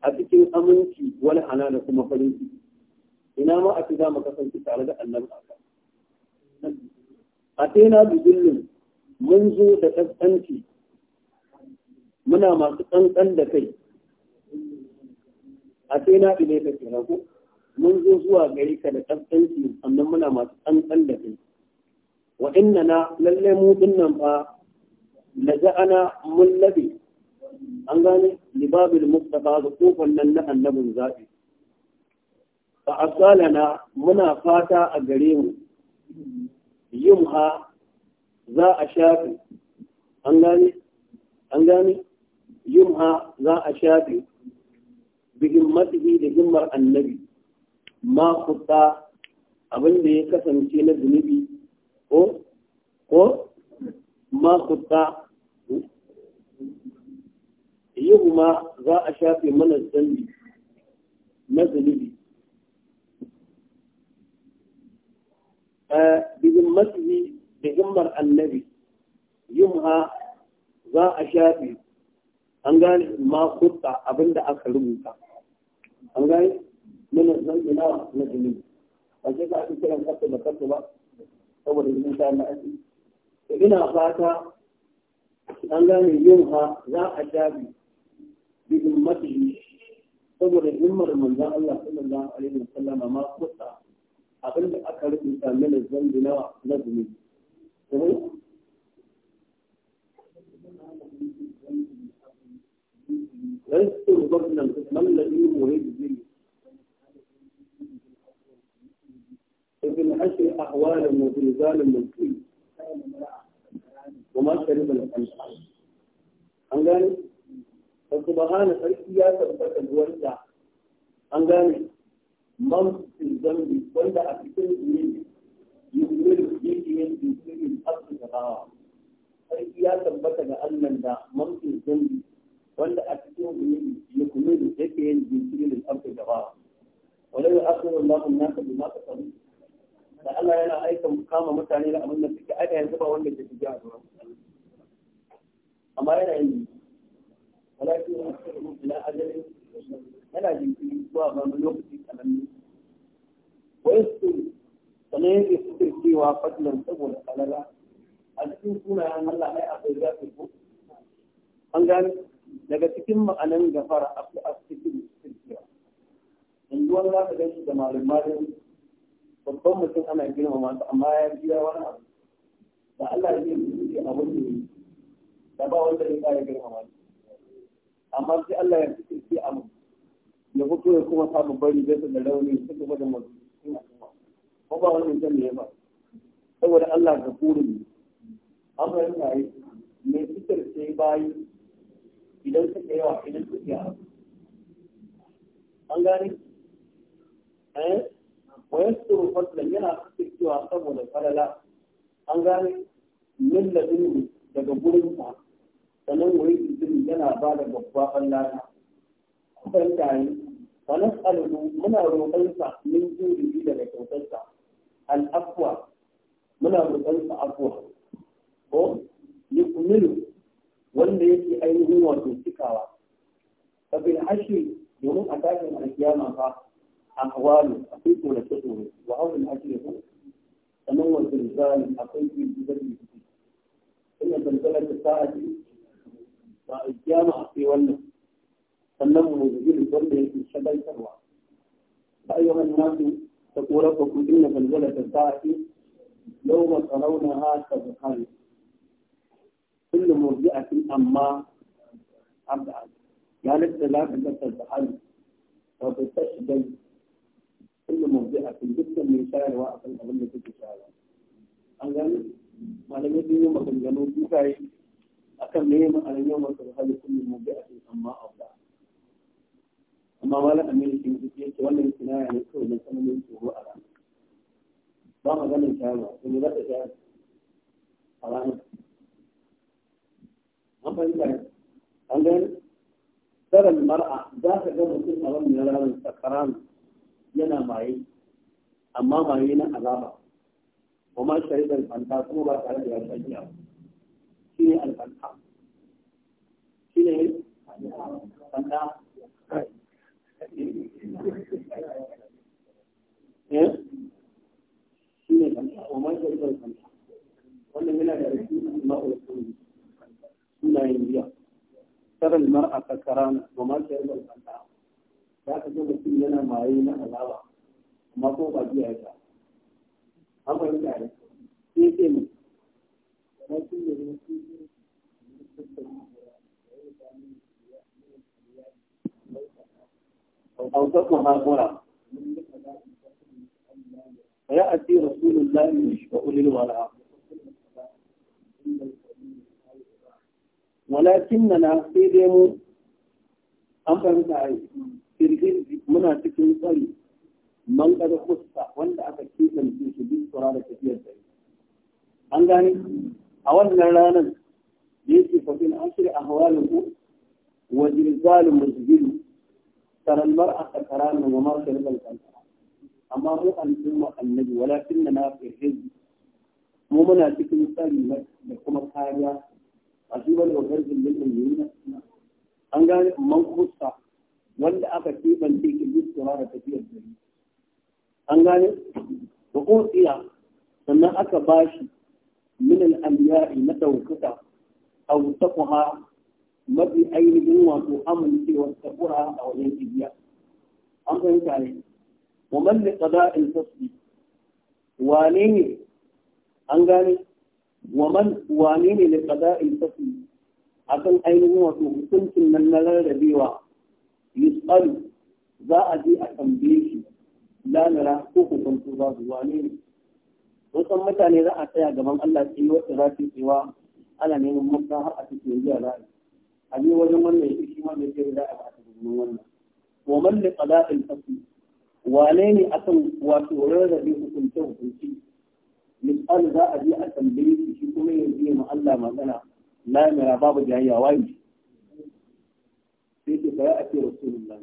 A: a cikin aminci wani ana da kuma farin ciki ina ma a ce za mu kasance tare da annabi a kan a tena mun zo da ƙasƙanci muna masu ƙanƙan da kai a sai na ɗile ka kira ko mun zo zuwa gari ka da ƙasƙanci sannan muna masu ƙanƙan da kai wa inna na lallai mu dinnan fa na ana mun labe an gane libabil mustafa da kofar nan na annabin zaɓi fa asalana muna fata a gare mu yin ha za a shafi an gane an gane yumha za a shafi bi himmatihi da himmar annabi ma kusa abin da ya kasance na zunubi ko ko ma kusa yuma za a shafe mana zambi na zunubi eh, bi himmatihi da himmar annabi ha za a shafi an gane ma kutta abinda aka rubuta an gane mana zan ina na jini ba sai ka kiran kasu da kasu ba saboda jini ta na aji ina fata an gane ha za a shafi bi ummatihi saboda himmar manzon Allah sallallahu alaihi wasallama ma kutta abinda aka rubuta mana zan nawa na jini
B: لست
A: البطن ما الذي مهزم في الحشر أحوالا وفي نزال ملكي وما شرب الأنفال an gane da subhana sarki ya tabbata wanda an gane man zambi wanda a cikin zunubi yukurin jijiyen abu da bawa sarki ya tabbata ga da wanda a cikin yin abu da wani da bi da allah yana aika kama mutane da abin da suke aika yanzu ba wanda a zuwa sannan yake fitar cewa fadlan saboda alala a cikin sunayen Allah ai akwai gafi ko an gane daga cikin ma'anan gafara akwai asikin sirriya yanzu wani za ka gan shi da malin babban mutum ana girma masu amma ya biya wani abu da Allah ya yi da abin wani yi da ba wanda ya kare girma masu amma sai Allah ya fitar sai abu ya da ya kuma samu bari da rauni su gwada da mutum ko ba wani mutum ne ba saboda Allah ga kurin an fahimta yi mai fitar sai bayi idan suka yawa idan suka yawa an gane eh wayan suru fadlan yana fitarwa saboda falala an gane min ladin daga gurin sa sannan wai izini yana ba da babba fallata an fahimta yi wani nas'aluhu muna roƙon sa min juribi daga kyautarsa Al'afuwa muna roƙon sa afwa ko yukmilu wanda yake ainihin wato cikawa fa bil domin a tashin alkiyama fa ahwalu akwai tsorace tsoro wa hawlul ashri ko sannan wa zilzal akwai da jiki ina zalzalar ta sa'ati ba a akwai wannan sannan mu muzgil wanda yake shagaltarwa ayyuhan nasu تقول ربكم إن زلزلة الساعة يوم ترونها تذهل كل مرجعة أما عبد عبد يعني الثلاثة تذهل وتستشهد كل مرجعة جدا من شاعر وأقل أظن في شاعر أنا malamai sun yi maganganu duka yi akan ne ma'anar yau masu hali kullum mu bi a kuma malam amini shi mutu ya ce wannan kinaya ne kawai na tsananin tsoro a ranar ba maganin shayarwa to ne za ta shayar a ranar an fahimta an gani tsarar mar'a za ka ga mutum a wannan ranar sakaran yana maye amma maye na azaba kuma shaidar fanta kuma ba tare da ya shakiya ba shi ne alfanta shi ne fanta shi ne yana yana maye na ne أوسط هؤلاء فيأتي رسول الله يشفع للوراء ولكننا في ديمو an fahimta a yi firgin muna cikin tsari man kada wanda aka kisance shi bin tsora da tafiyar tsari an gane a wannan ranar da yake an shirya a hawalin ku wa zalin musbilu ترى المرأة سكران ومرأة رب القنطرة أما مو الأمة النبي ولكننا في الحزب مو منا تكن سالي لكم الحاجة عجيبا وغرز للمؤمنين أن قال من خصة ولا أكتيبا فيك بالسرارة في الدنيا أن قال وقوت إياه سنة أكباشي من الأنبياء متوكتا أو تقها mafi ainihin wato amincewar kura a wajen ibiya an fahimta ne wa malli qada'il fasli wane ne an gane wa man wane ne li qada'il fasli akan ainihin wato hukuncin nan na rarrabewa yus'alu za a je a tambaye shi lanara ko hukuncin ba su wane ne wasan mutane za a tsaya gaban Allah sai wata za su yi ana neman mafita har a cikin yanzu a ra'ayi a je wajen wannan yake shi wanda yake da a ba ta gurbin wannan wa man li talaqil fasl wane ne akan wato rarrabe hukunce hukunci misal za a je a tambaye shi shi kuma ya je ma Allah magana la mira babu jayya wai sai ke fara a ce rasulullah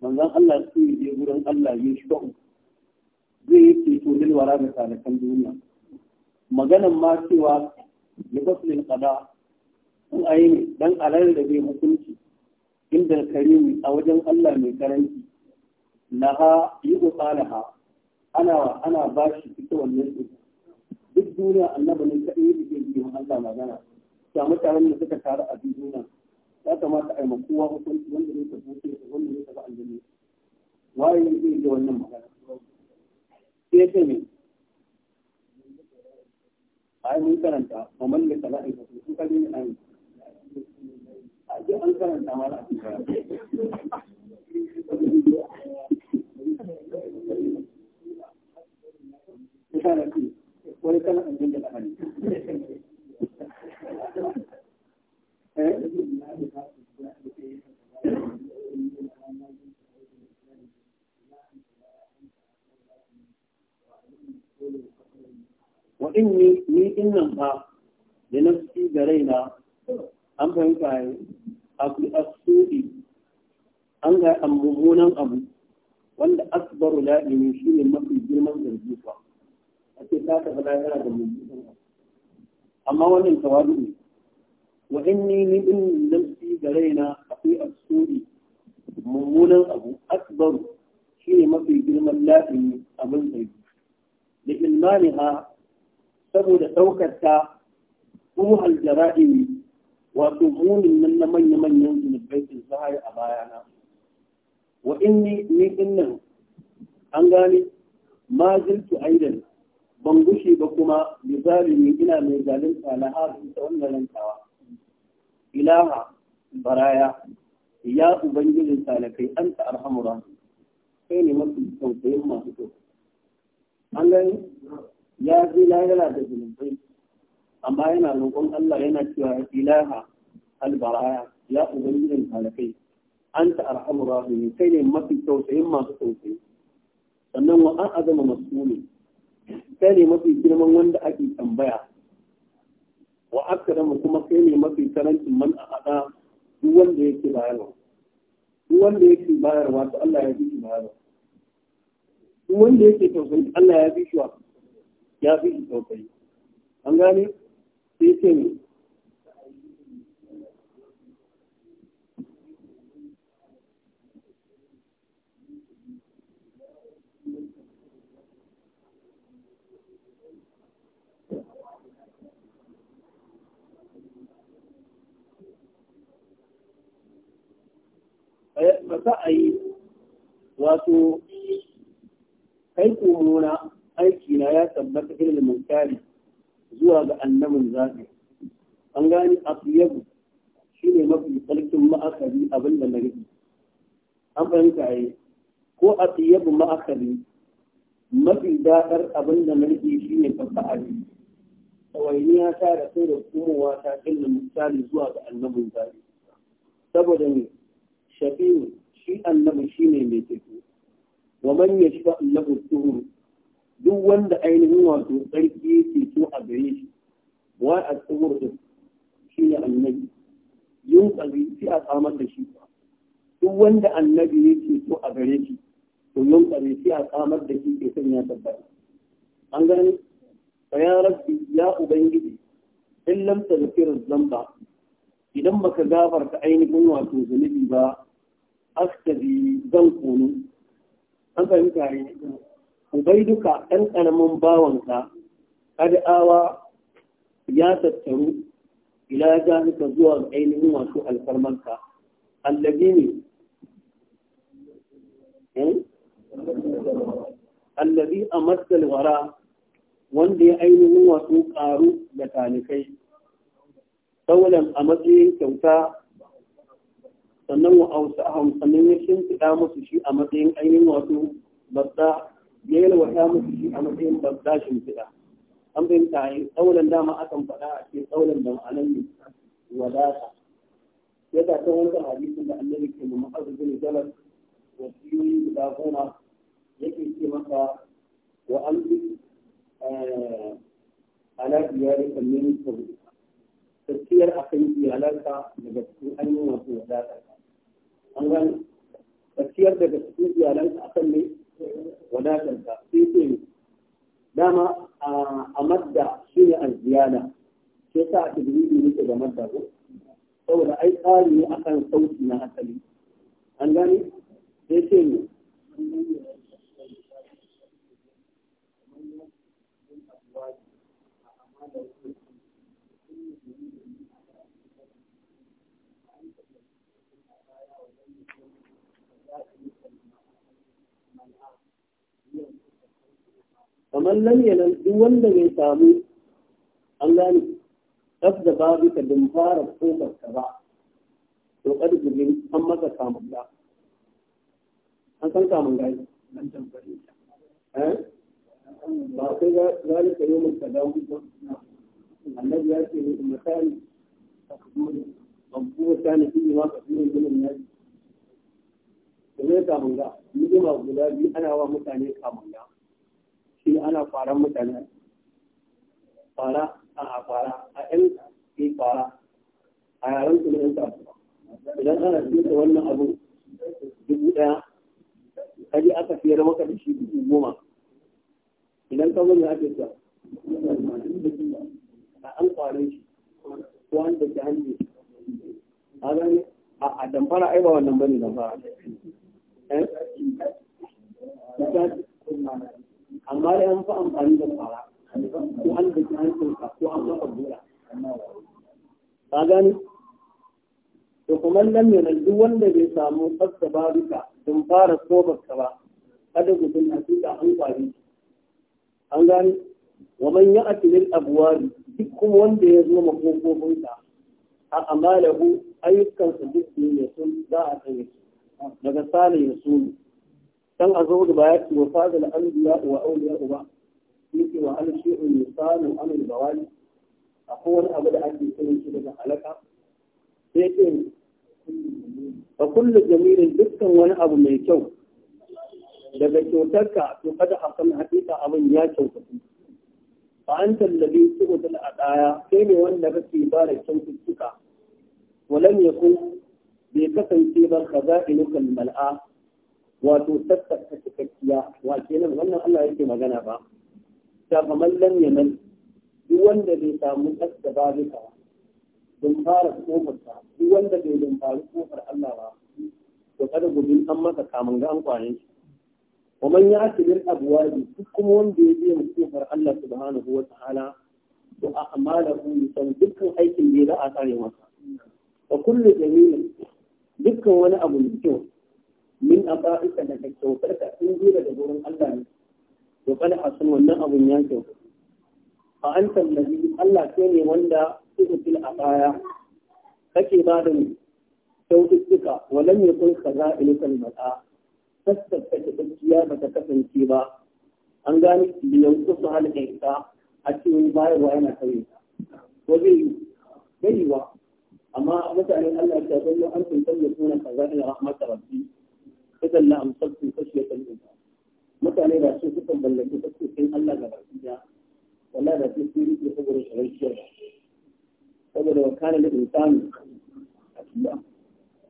A: manzon Allah sai ya je gurin Allah ya shi ba'u zai yi ceto lil wara da salakan duniya maganan ma cewa ya lifaslin qada sun a yi ne don alayar da bai hukunci inda karimi a wajen Allah mai karanci laha yi utsalaha ana ana ba shi ita wannan su duk duniya annaba ne kaɗai yi da ke Allah magana Ta mutanen da suka taru a duniya ya kamata a yi makuwa hukunci wanda ne ta da wanda ne ta ba aljanna waye zai yi wannan magana sai ta ne ai mun karanta mamallaka la'i barakatuh inni ni dinnan an gani, ma zirtu aidan ban gushi ba kuma bi zalimi ina mai zalunta na hafi ta wannan rantawa ilaha baraya ya ubangijin salakai an ta arhamu rahim kai ne mafi tausayin masu kyau an gani ya ji yana da zunubai amma yana roƙon Allah yana cewa ilaha albaraya ya ubangijin salakai anta arhamu rahimin kai ne mafi tausayin masu tausayi sannan wa an azama mas'uli kai ne mafi girman wanda ake tambaya wa akramu kuma kai ne mafi karancin man a ada duk wanda yake bayarwa duk wanda yake bayarwa to Allah ya fi bayarwa duk wanda yake tausayi Allah ya fi shi ya fi tausayi an gane sai ce ne ba za a yi wato kai nuna aiki na ya tabbata ilil munkari zuwa ga annabin zaɓi an gani a fiyabu shi ne mafi tsarkin ma'akari abin da na riƙi an fahimta a yi ko a fiyabu ma'akari mafi daɗar abin da na riƙi shi ne fasa'ari ɗawainiya ta da sai da komowa ta ilil munkari zuwa ga annabin zaɓi saboda ne shafi'u shi annabi shi ne mai ceto wa man yashfa lahu tuhur duk wanda ainihin wato tsarki yake so a gare shi wa a tsuhur shi ne annabi yin tsari shi a samar da shi duk wanda annabi yake so a gare shi to yin tsari shi a samar da shi ke sanya tabbata an gani ya rabbi ya ubangiji in lam tazkir zamba idan baka gafarta ainihin wato zunubi ba askari zan kunu an fahimta ne ubai duka ɗan ƙaramin bawanka awa ya tattaru ila ka zuwa ainihin wasu alfarmarka Allabi ne eh? allabi a matsalwara wanda ya ainihin wasu ƙaru da talikai saulan a matsayin kyauta sannan wa ausahum sannan ya shimfiɗa musu shi a matsayin ainihin wato bazza ya yalwata musu shi a matsayin bazza shimfiɗa an fahimta yi tsaulan dama akan faɗa a ce tsaulan da ma'anan ne wadata ya ta ta wancan hadisin da annabi ke mamman arzikin jalar wasiyoyi guda goma yake ce maka wa an bi eh, ala iyalin kamar tattiyar akan iyalanka daga cikin ainihin wasu wadata an gane ka ciyar daga cikin iyalanka akan ne wadatarka sai ce ne dama a madda shi ne a ziyada sai sa a tibiri nake da madda ko saboda ai tsari ne akan sauti na asali an gane sai ce ne Thank you. kamar lam yanal duk wanda bai samu an gani gane da babu ka dun fara kofar ka ba to kada gudun an masa kamun da an san kamun gani eh? ba sai za kai zalika yau mun kada hukum annabi ya ce ni misali abubuwa ta ne fiye ma ka fiye ginin nabi da zai kamun ga ni jima guda biyu ana wa mutane kamun ga shi ana kwaran mutane kwara a kwara a yan ke eh, kwara a yaren su na yan idan ana da wannan abu dubu ɗaya kaji aka da maka da shi dubu goma idan ka zama ake sa a an kwarin shi ko an da ke hannu a gani a damfara ai ba wannan bane damfara eh? amma da an fi amfani da fara ko an da hancin ka ko an maka bura ka gani to kuma nan ne duk wanda bai samu tsafta ba duka don fara tsobarka ba kada gudun hakika an kwari an gani wa man ya atilil abuwari duk kuma wanda ya zo makokofinsa a amalahu ayyukansa duk ne sun za a tsaye daga sale ya sunu dan a zo da baya wa fadal anbiya wa awliya uba yake wa al shay'u misalu amil bawali akwai wani abu da ake sanin shi daga halaka sai ce fa kullu jamilin dukkan wani abu mai kyau daga kyautarka to kada a san hakika abin ya kyautatu fa anta alladhi tu'til adaya kai ne wanda kake ba da kyaututtuka walam yakun bai kasance ba kazainukan mal'a wato tattaka cikakkiya wa kenan wannan Allah yake magana ba ta kamar lam yaman duk wanda bai samu tsaka ba bai ka dun fara kofar ta duk wanda bai dun fara kofar Allah ba to kada gudun an masa kamun ga an kwanin shi ومن يأتي بالأبواب كم وندي بهم كفر الله سبحانه وتعالى وأعماله a أي شيء لا أثر وكل dukkan wani abu أبو kyau. min aba'ika daga kyautar ka in ji da gurin Allah ne to kada hasan wannan abun ya kyau a an tallabi Allah ke ne wanda suka fil a baya kake ba da kyaututtuka walam yakun kaza ilikal mata sassaka gaskiya ba ta kasance ba an gane da yanzu su halin a cikin bayarwa yana sauye ko zai yi wa amma mutanen Allah ya ce don an tuntar da suna kaza ila rahmatar rabbi إذا لا أمسكتم خشية الإنفاق mutane da su sukan ballaki ta cikin Allah ga baki da wala da su su rike saboda shirarciyar saboda wa kana da insani a cikin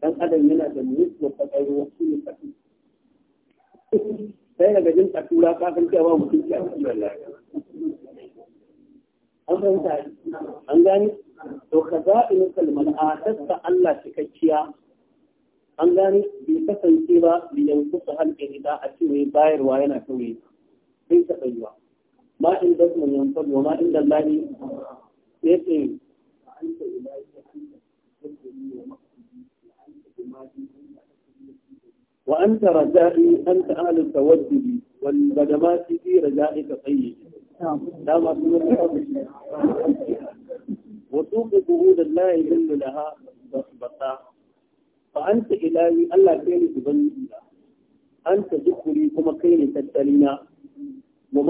A: dan adam yana da mutuwar fakari wasu ne faɗi sai daga jin tsakura kafin cewa mutum ke a cikin an fahimta an gani to ka za'in kalmar a tasta Allah cikakkiya an gane bai kasance ba da yanzu su halƙe ita a ce mai bayarwa yana kawai bai taɓa yi ba ma in da kuma yan ba ma in da lani ya ce tsaye. Da أنت أهل التودد والبدمات في رجائك طيب لا da وسوق جهود الله يذل لها بطاح fa anta ilahi Allah kai ne ubangiji na anta kuma kai ne tattali na mu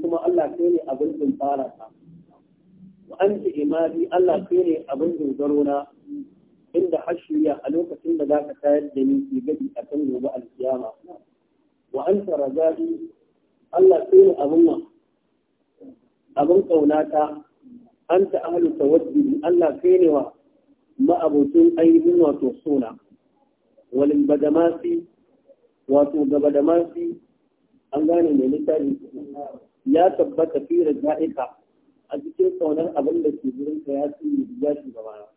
A: kuma Allah kai ne abin din fara ta Allah kai abin dogaro na inda hashiya a lokacin da zaka tayar da ni ki gadi akan gobe alkiyama wa anta rajai Allah kai abin Allah ma'abutun ainihin wato suna walin badamasi wato ga badamasi an gane mai littafi ya tabbata fi raja'ika a cikin saunar abin da ke gurin ka ya ci ya ci gaba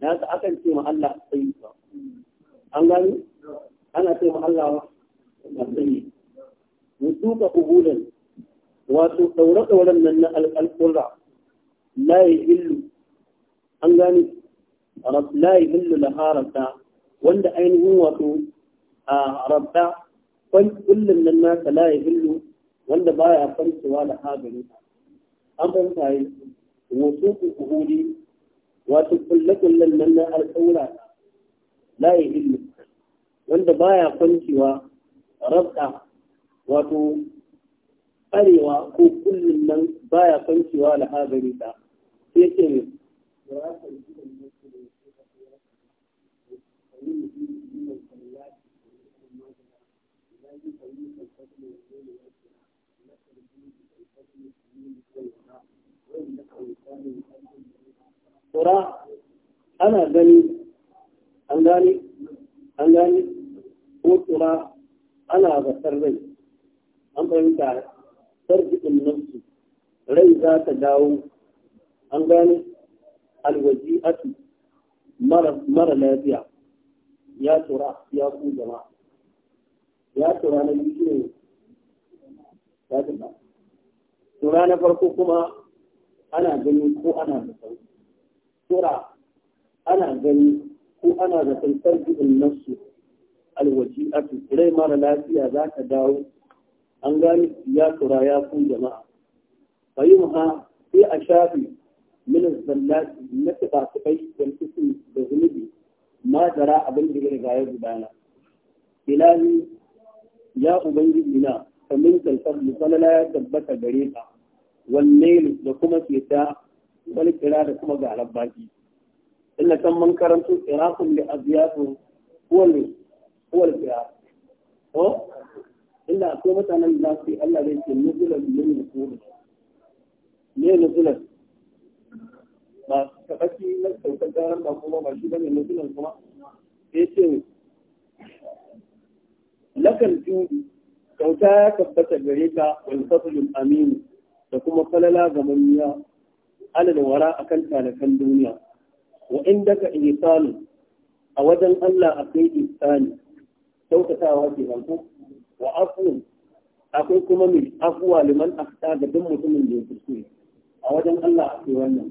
A: na ta akan ce ma Allah sai ba an gane ana ce ma Allah sai wuduka qubulan wato daure dauren nan na alƙalƙura la illu. an gane rabla yahillu laha rabda wanda ainihin wato a rabda kullum kullun nan nasa la yahillu wanda ba ya kwancewa da hagari an fahimta yi wasu kuhuri wato kullakullan nan na alƙawura la yahillu wanda ba ya kwancewa rabda wato arewa ko kullum nan ya kwancewa da hagari ta sai ce ne Kura ana gani an gani an gani ko kura ana rai an ta dawo an gani alwaji'atu mara lafiya ya tura ya ku jama'a ya tura na biyu ne ya tura tura na farko kuma ana gani ko ana da zaton tura ana gani ko ana da zaton in nasu alwaji a rai mara lafiya za ka dawo an gani ya tura ya ku jama'a fahimu sai a shafi min zallati na tuba tubai da da zunubi ma tsara abin da ya gaya ya gudana ilahi ya ubangiji na kamin kalfar musalala ya tabbata gare ka wanne da kuma fita wani kira da kuma ga alabbaki illa kan man karanto iraqun li aziyatu wal wal qira ko illa akwai mutanen da su Allah zai ce nuzulan min nusul ne nuzulan ba kaɗaki na ɗaukar ƙarar ba kuma ba shi ba ne mutunan kuma ya ce lakan judu kyauta ya tabbata gare ka wani fafilin aminu da kuma falala ga mamiya ala da wara a kan talakan duniya wa inda ka ihsanu a wajen Allah akwai ihsani kyautatawa ke ko wa afuwun akwai kuma mai afuwa liman afta ga duk mutumin da ya kuskure a wajen Allah akwai wannan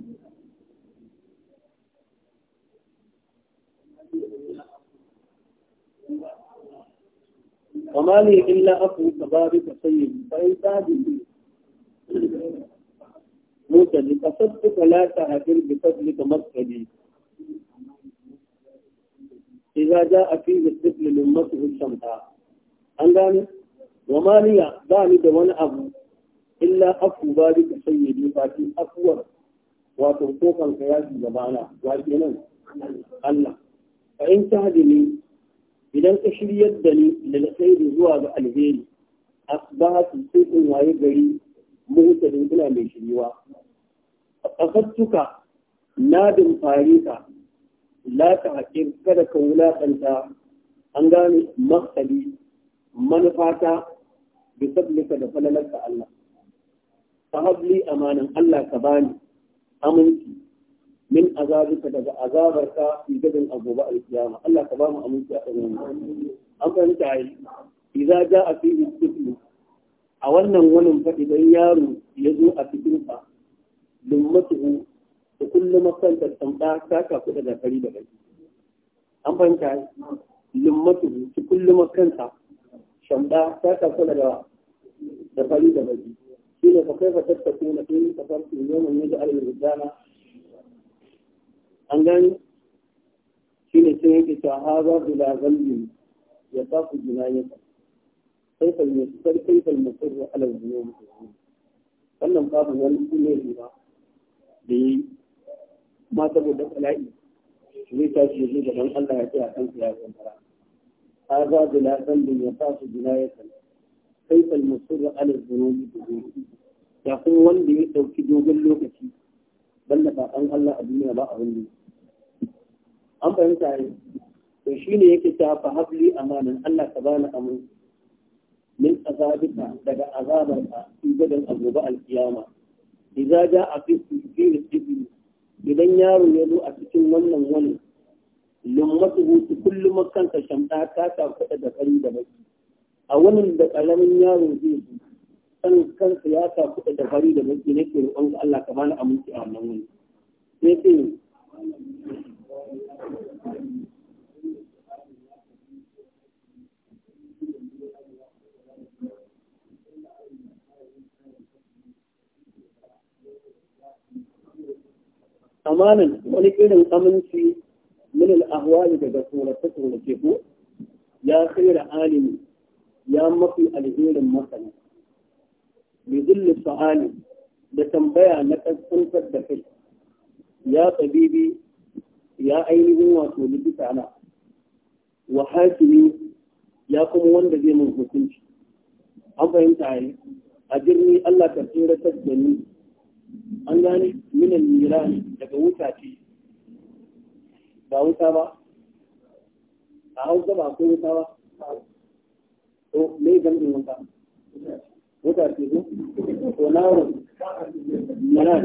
A: وما لي إلا أبو تبارك فإن فإنسان موسى قصدتك لا تهجر بفضلك مسجدي إذا جاء في الطفل من مسه الشمطاء أنغاني وما لي داني دون أبو إلا أبو بارك سيدي فاتي أكبر وتوقوقا قياسي جبانا وكينا الله فإن تهدني idan ka shiryar da ni lil zuwa ga alheri ba sai in waye gari muhtadin ina mai shiriwa akhattuka na bin farika la ta haƙin kada ka wulaƙanta an gane maksali manufata da sabbinka da falalarka Allah ta habli amanan Allah ka bani aminci min azabika daga azabarka fi gadin agoba alkiyama Allah ka ba mu aminci a kan an fahimta ai idza jaa fi al a wannan wannan fa idan yaro ya zo a cikin fa lummatuhu da kullum makan da tsamba ta kafu daga kari da kai an fahimta ai lummatuhu ki kullum makan ta shamba ta kafu daga da kari da kai shine fa kaifa tattakuna in kafartu yawman yaj'al al-insana an gan shi ne sai yake ta haza bila zalbi ya ta ku jinayata sai ka yi sai kalmatar da mutum ala zunubi wannan babu wani ne ne ba da yi ma saboda ta zai tashi da ban Allah ya tsaya kansa ya gambara haza bila zalbi ya ta ku jinayata sai fa mutum ala zunubi ya kuma wanda ya dauki dogon lokaci balla ba an Allah a duniya ba a wannan. an fahimta ne to shi ne yake ta fa hafli amanan Allah ka bani amin min azabika daga azabar azabarka fi gadan agoba alkiyama idza a fi sirri sirri idan yaro ya zo a cikin wannan wani lummatu hutu kullum makanka shamta ta ta kuɗa da kari da baki a wannan da ƙaramin yaro zai zo san kansa ya ta kuɗa da kari da baki nake roƙon Allah ka bani aminci a wannan wani sai sai amanan wani irin aminci min al'ahwali daga tsorace-tsorace ko ya khaira alimi ya mafi alherin masana bi zulli su'ali da tambaya na kaskantar da kai ya tsabibi ya ainihin wato likita ana wa hakimi ya kuma wanda zai mun hukunci an fahimta a yi a jirni Allah ka tsira ta ni an gane minan miran daga wuta ce ba wuta ba a hausa ba ko wuta ba to me zan wuta wuta ce ko to na miran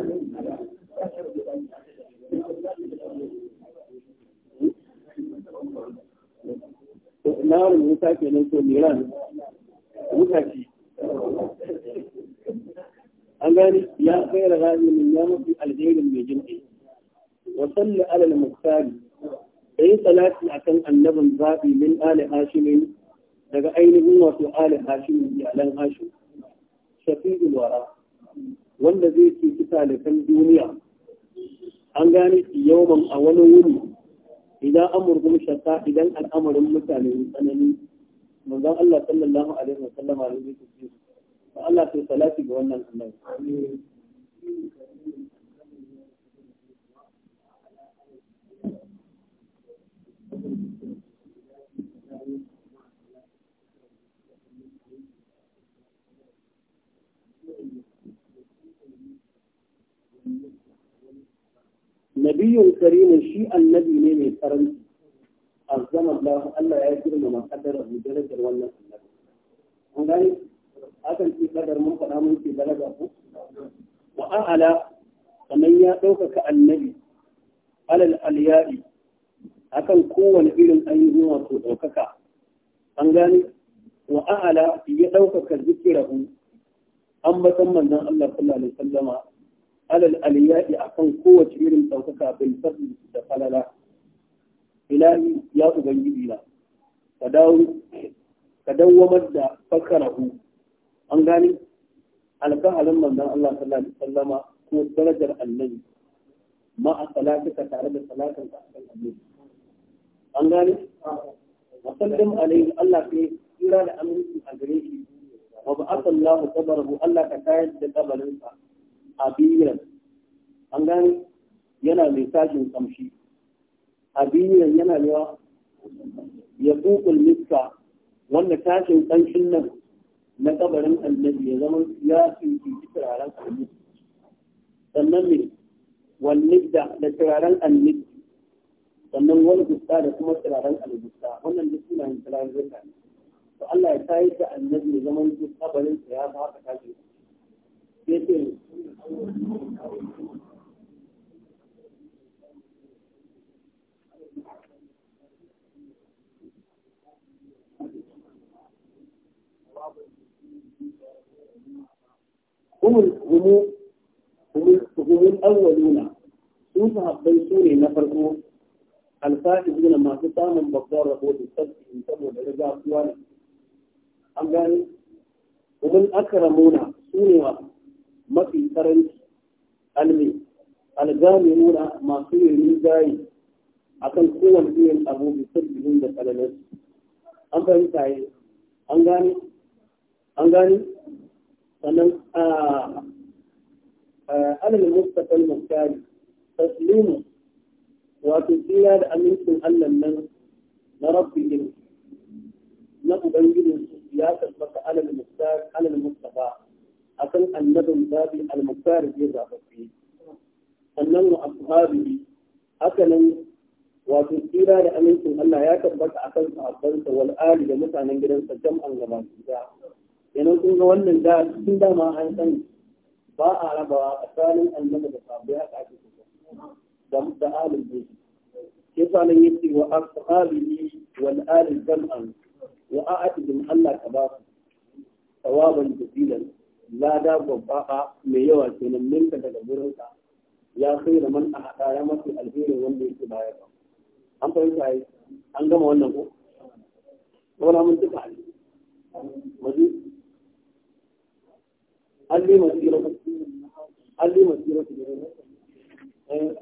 A: na wani musa ke nan ko miran Wuta ce an gani ya kai da ya mafi alherin mai jin ɗai wa salli alal muktari da yi salati a kan annabin zaɓi min ali hashimin daga ainihin wato ali hashimin iyalan hashim shafi'ul wara wanda zai ce kita da kan duniya an gane yawman a wani wuri idan amurkum shakka idan al'amarin mutane tsanani manzon Allah sallallahu alaihi wa sallam a rubutu ce ba Allah sai salati ga wannan annabi amin nabiyyun karimin shi annabi ne mai karanci azzama Allah Allah ya girmama kadar Abu Darajar wannan annabi an gani akan ce kadar mun faɗa mun ce daraja ko wa a'ala kaman ya ɗaukaka annabi alal aliyari akan kowane irin ainihin wato ɗaukaka an gani wa a'ala ya ɗaukaka zikirahu an batan manzon Allah sallallahu alaihi wasallama alal aliyai kan kowace irin ɗaukaka bil fadli da falala ilahi ya ubangiji na ka dawo ka dawwamar da fakarahu an gani alfahalin manzon Allah sallallahu alaihi wasallama ko darajar annabi ma a salatika tare da salatin ka akan annabi an gani wasallim alaihi Allah ke kira da aminci a gare shi wa ba'atha Allah qabarahu Allah ka tayar da kabarinsa abiran an gani yana mai tashin kamshi abiran yana da ya kukul miska wanda tashin kamshin nan na kabarin annabi ya zama ya fi turaren annabi sannan ne wani da turaren annabi sannan wani gusta da kuma turaren algusta wannan duk suna yin turaren zirka to Allah ya yi da annabi ya zama duk kabarin sa ya fi haka tashin هم هم هم هم الأولون سوف هبيسوني نفرقوا الفائزون ما تتعامل بقدار رفوت السبت من سبو الرجاء سوانا أم يعني هم الأكرمون سوني mafi karanci almi alzaminuna masu yin gayi kan kowane irin abu bisa yin da kalalar an fahimta yi an gane an gane sannan a alal mustaqal mustari taslimu wato tsira da amincin Allah nan na rabbihim na ubangijin ya tabbata alal mustaqal alal mustafa akan annabin babi al-muktar bin rafafi sannan wa ashabi haka nan wato tsira da amincin Allah ya tabbata akan sahabbansa wal ali da mutanen gidansa jam'an gaba da yana kun ga wannan da tun da ma an san ba a rabawa tsakanin annabi da sahabbai haka ake so da da alin ne ke sanan yace wa ashabi wal ali jam'an wa a'atihim Allah tabarak thawaban jazilan lada babba mai yawa kenan ninka daga gurinka ya sai da man a haɗa ya mafi alherin wanda yake baya ba an fahimta yi an gama wannan ko wala mun duka ali mazi alli masira alli masira eh,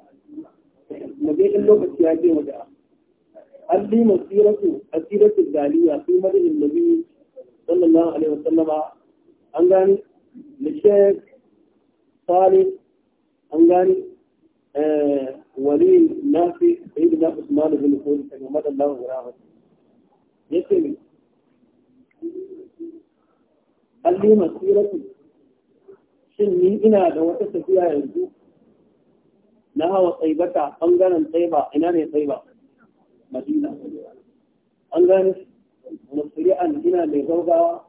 A: mazi in lokaci ya ce mata alli masira su asiratu daliya fi madadin nabi sallallahu alaihi wasallama an gani لشيخ خالد أنغاني آه، ولي نافي سيد الله عثمان بن نقول محمد الله وراءه يسمي قال لي مسيرتي شني إنا دوات سفيا يمتو نها وطيبتا أنغانا طيبا إناني طيبا مدينة أنغاني مسيرا هنا لزوجها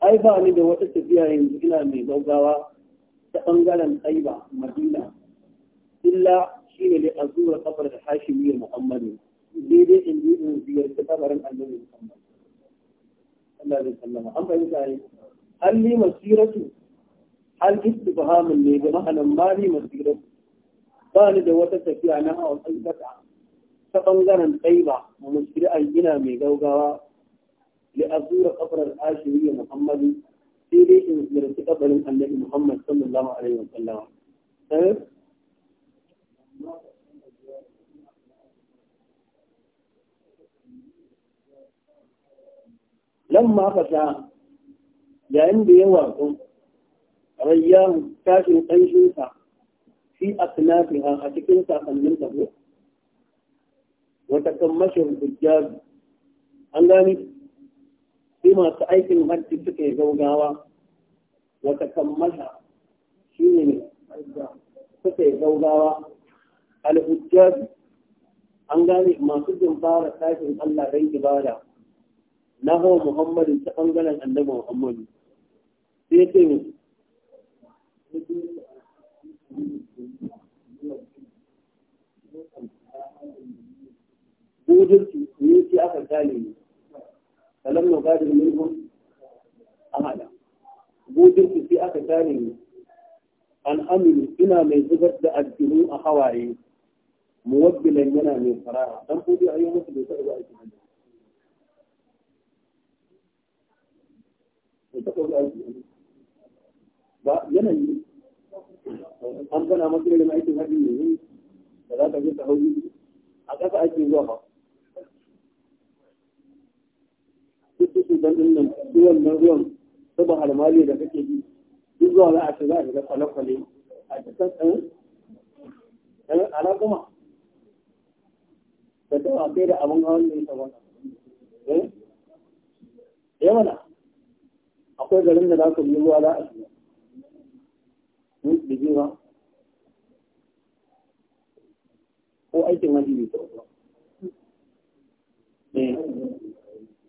A: ai ba ni da wata tafiya yanzu ina mai gaugawa ta bangaren tsaiba madina illa shi ne da azura kafar da hashimi ya muhammadu daidai in yi in ziyarci kafarin annabi muhammadu Allah zai sallama an fahimta ne hal li masiratu hal istifhamun ne ga ma'anan ma li masiratu ba ni da wata tafiya na hawa ta bangaren tsaiba mu musiri an gina mai gaugawa لأزور قبر الآشوري محمد في ليس مرت قبل النبي محمد صلى الله عليه وسلم طيب؟ لما فتح لأن بيوارك ريام كاش قيشنك في أثناتها أتكنت أن لم تبوح وتكمش الحجاج shi masu aikin hajji suka yi gaugawa wata kammala shi ne suka yi gaugawa al'ujjar an gane masu jin fara tashin Allah don ibada na hawa Muhammadu ta ɓangaren annabi Muhammadu sai ce mu budurci ne ce aka gane ne qadir minhum aka tare ni an mai zubar da addiru a hawaye muwabbilan yana mai ba yanayi an gana masu aikin haɗin ne za ta a ƙasa ake zuwa ba duk su dan din nan ruwan nan ruwan saba harmali da kake bi duk zuwa za a ce za a shiga kwale-kwale a cikin ɗan ɗan alaƙuma da tawa kai da abin hawan da ita wata eh mana akwai garin da za ka biyu ruwa za a shiga da jiwa ko aikin hajji bai taɓa ba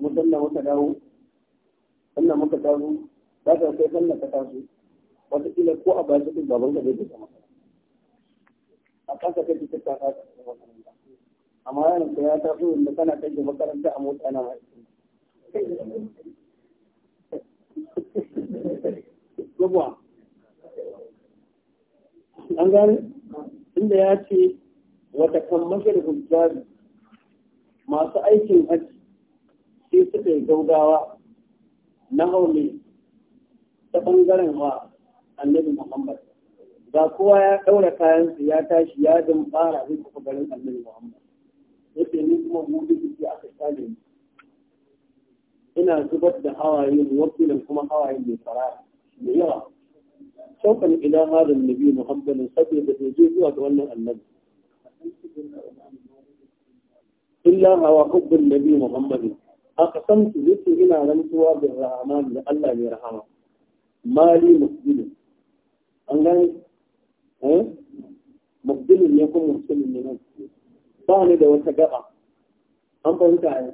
A: mu sallah muka dawo sallah muka taso za ka sai sallah ka taso wataƙila ko a bayan cikin baban ka zai fita maka a kanka kai ta ta ta makaranta amma yaron ka ya taso inda kana kai makaranta a mota na mai Yawwa, an gane inda ya ce wata kan mafi da masu aikin hajji shi suka yi gaugawa na haule ta ɓangaren wa annabi Muhammad. Ga kowa ya ɗaura kayansu ya tashi ya fara zai tafi garin annabi Muhammad. Yake ni kuma gudu suke aka kyale ni. Ina zubar da hawaye wakilin kuma hawaye mai fara da yawa. Shaukan ila hadin nabi Muhammad saboda da je zuwa ga wannan annabi. إلا هو حب النبي محمد aka san su yake ina rantsuwa bin rahman da Allah mai rahama mali musbilin an gani eh musbilin ne kuma musbilin ne nan ba ni da wata gaba an fahimta ne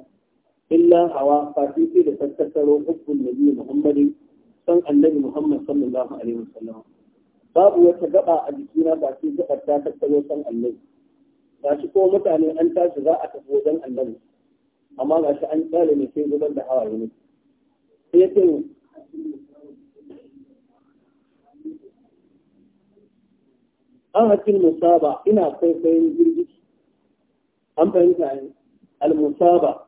A: illa hawa fatiti da tattaro hubbun nabi muhammadin san annabi muhammad sallallahu alaihi wasallam babu wata gaba a jikina ba sai gabar ta tattaro san annabi ba shi ko mutane an tashi za a tafi wajen annabi amma ga shi an tsare ne sai zubar da hawaye ne sai ya ce an hakin musaba ina kwaikwayon jirgi an fahimta ne al-musaba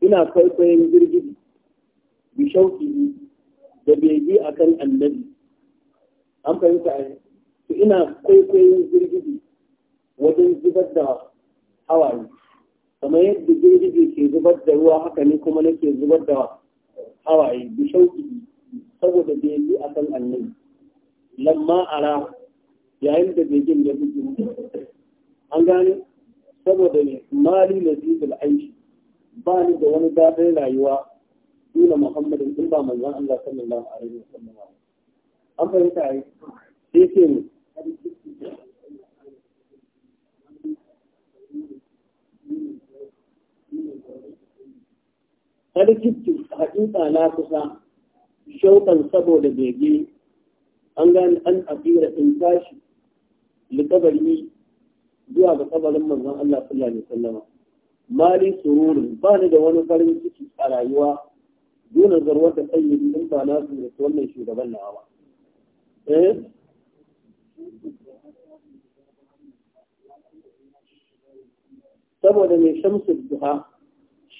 A: ina kwaikwayon jirgi bi shauki da bai begi akan annabi an fahimta ne to ina kwaikwayon jirgi wajen zubar da hawaye kamar yadda girgije ke zubar da ruwa haka ne kuma nake zubar da hawaye bi shauki saboda da bi a kan annabi lamma ara yayin da begin ya fi an gane saboda ne mali na zibil aiki ba ni da wani daɗin rayuwa nuna muhammadin in ba manzan Allah sallallahu alaihi wasallam an fahimta ai sai ke ne sarkiftu haƙiƙa na kusa shauƙan saboda bege an gani an abira in tashi likabari zuwa ga kabarin manzon Allah sallallahu alaihi wasallama mali sururin ba ni da wani farin ciki a rayuwa dole zarwar da sayyidi in ba na su wannan shugaban na eh? saboda mai shamsu duha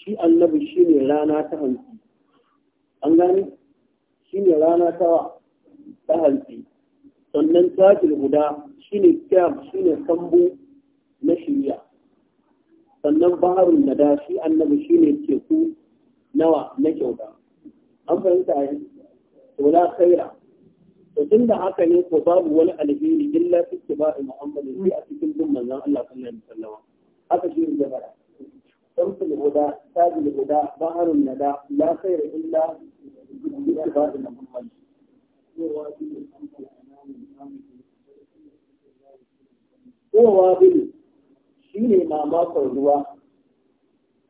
A: shi annabi shi ne rana ta hantsi an gani shi ne rana ta ta hantsi sannan tajil guda shi ne kyam shi ne sambo na shirya sannan baharun da shi annabi shi ne teku nawa na kyauta an fahimta yi wala khaira to tun da haka ne ko babu wani alheri illa fi tibai muhammadin sai a cikin bin manzon Allah sallallahu alaihi wasallam haka shi ne da fara شمس الهدى تاج الهدى ظهر الندى لا خير الا باتباع محمد هو وابل شيني ما ما قردوا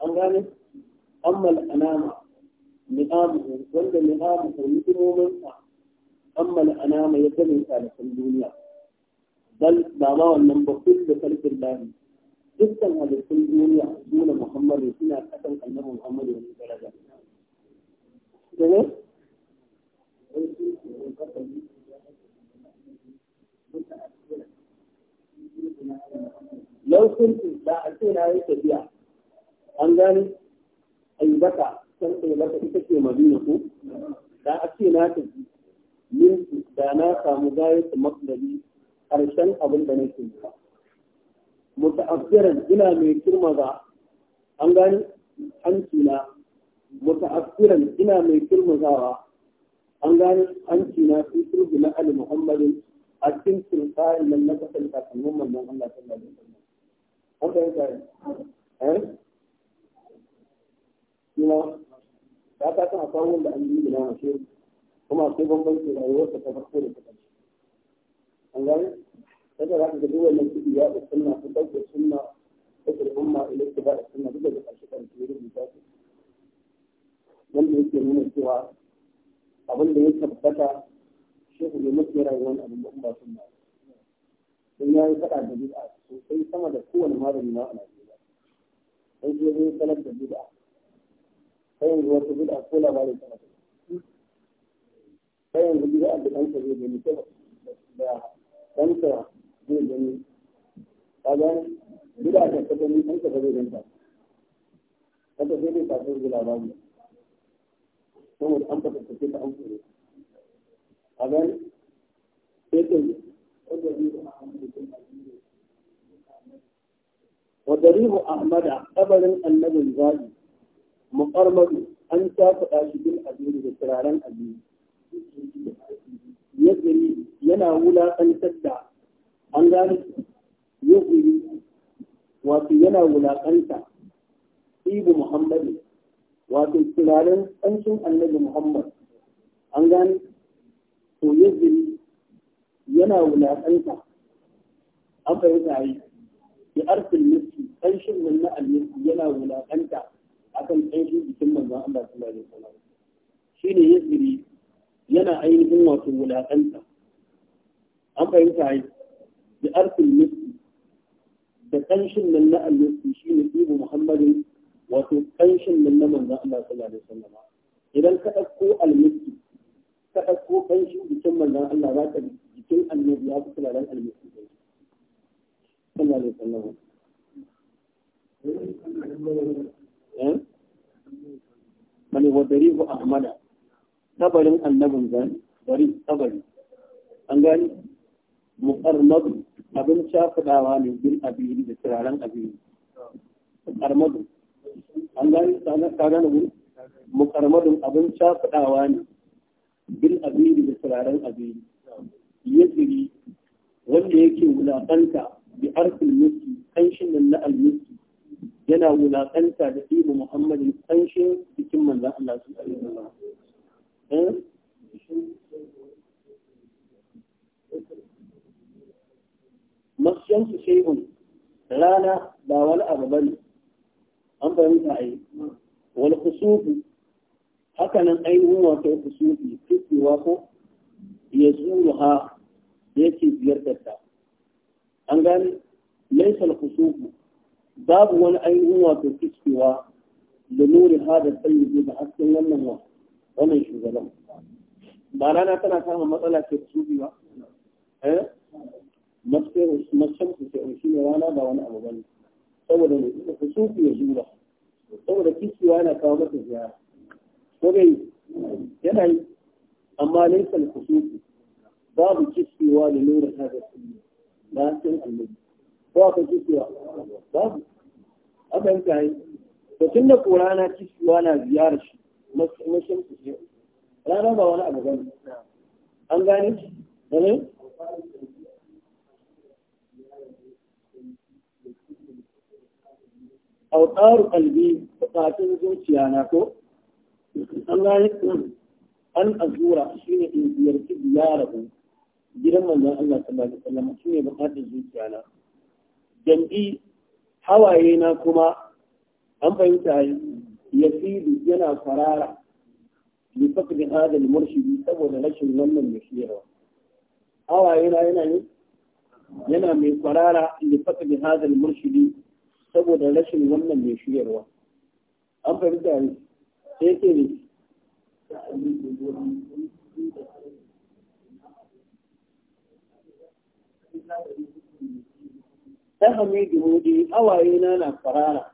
A: أنغاني أما الأنام نقامه وند نقامه يتم من أما الأنام يتم إنسان في الدنيا بل ما ما ونبخل بخلق الله dukkan halittun duniya nuna muhammadu suna kasan annabi muhammadu wani daraja dole lau kuntu da a ce na yi tafiya an gani aibaka san aibaka ita ce madina ko da a ce na tafi min da na samu gayar su mafi harshen abin da nake yi muta'affiran ina mai kirmaza an gani hanci na muta'affiran ina mai kirmazawa an gani hanci na fi turbi na ali muhammadin a cikin sultan nan na kasar kakannin manzon Allah sallallahu alaihi wasallam an ga yadda eh kuma ta ta ta kawo wanda an yi na shi kuma akwai bambanci rayuwar ta farko da ta ƙarshe an gani kada za ka ga duk wannan kudi ya da sunna sun dauke sunna ta al'umma ila ta da sunna duk da kashi kan su rubuta su wanda yake nuna cewa abin da ya tabbata shi ne mafi rayuwar abin da umma sunna don ya yi faɗa da bid'a sosai sama da kowane malami ma a Najeriya sai ke zai sanar da bid'a sai yanzu wata bid'a ko labarin sama da sai yanzu bid'a da ɗansa zai gani ta da ɗansa zai gani kaga gida ta kaga an kaga zai ganta kaga sai dai kafin gida ba mu saboda an fata take ta an kore kaga sai ta وضريب أحمد قبل النبي الغالي مقرمد أن تفقى شبه الأبيض بسرارا أبيض يجري ينا ولا أن تدع an gane yuzi wato yana wulaƙanta ibu Muhammadu wato turaren tsancin annabi muhammad an gane to yuzi yana wulaƙanta an fahimta yi da arfin nufi tsanshin nan na almiski yana wulaƙanta akan tsanshin jikin manzon Allah sallallahu alaihi ne shine yuzi yana ainihin wato wulaƙanta an fahimta yi bi arfin miski kanshin nan na almiski shi ne ibu muhammadin wato kanshin nan na manzan Allah sallallahu alaihi wasallam idan ka ɗauko almiski ka ɗauko kanshin jikin manzan Allah za ka jikin annabi ya fi turaren almiski sallallahu alaihi wasallam eh? mani wa darihu shafadawa ne bin abiri da turaren abiri mukarmadu an gani tsanar kaga na wuri mukarmadun abin shafadawa ne bin abiri da turaren abiri ya tsiri wanda yake wulaƙanta bi arfin musu kanshin nan na almiski yana wulaƙanta da ibu muhammadin kanshin cikin manzan Allah su
B: alaihi
A: masjansu shay'un rana ba wani abu bane an fahimta ai wal khusufu haka nan ainihin wato khusufi fitowa ko ya ha yake ziyartar ta an gane laisal khusufu babu wani ainihin wato fitowa da nuri hada tsayi da hasken wannan wa wannan shugaban ba rana tana samun matsala ce khusufi ba eh mashan su sai shi ne rana ba wani abu bane saboda ne ita ku sufi ya jura saboda kishiwa yana kawo masa ziyara ko dai yana yi amma laisa al-kusufi babu wa da nura ta da sunni da sun annabi ko ka kishiwa babu akan kai to tun da ko rana wa na ziyara shi mashin su sai rana ba wani abu bane an gane ne autaru kalbi bukatun zuciya na ko an gani an azura shine in ziyarci ziyararku gidan manzon Allah sallallahu alaihi wasallam shine bukatun zuciya na jam'i hawaye kuma an fahimta yasidu yana farara li fakri hada al murshidi saboda rashin wannan bashira hawaye na yana ne yana mai farara li fakri hada al murshidi saboda rashin wannan mai shiryarwa an fahimta da ne sai ke ne ta hamidu hudu awaye na na farara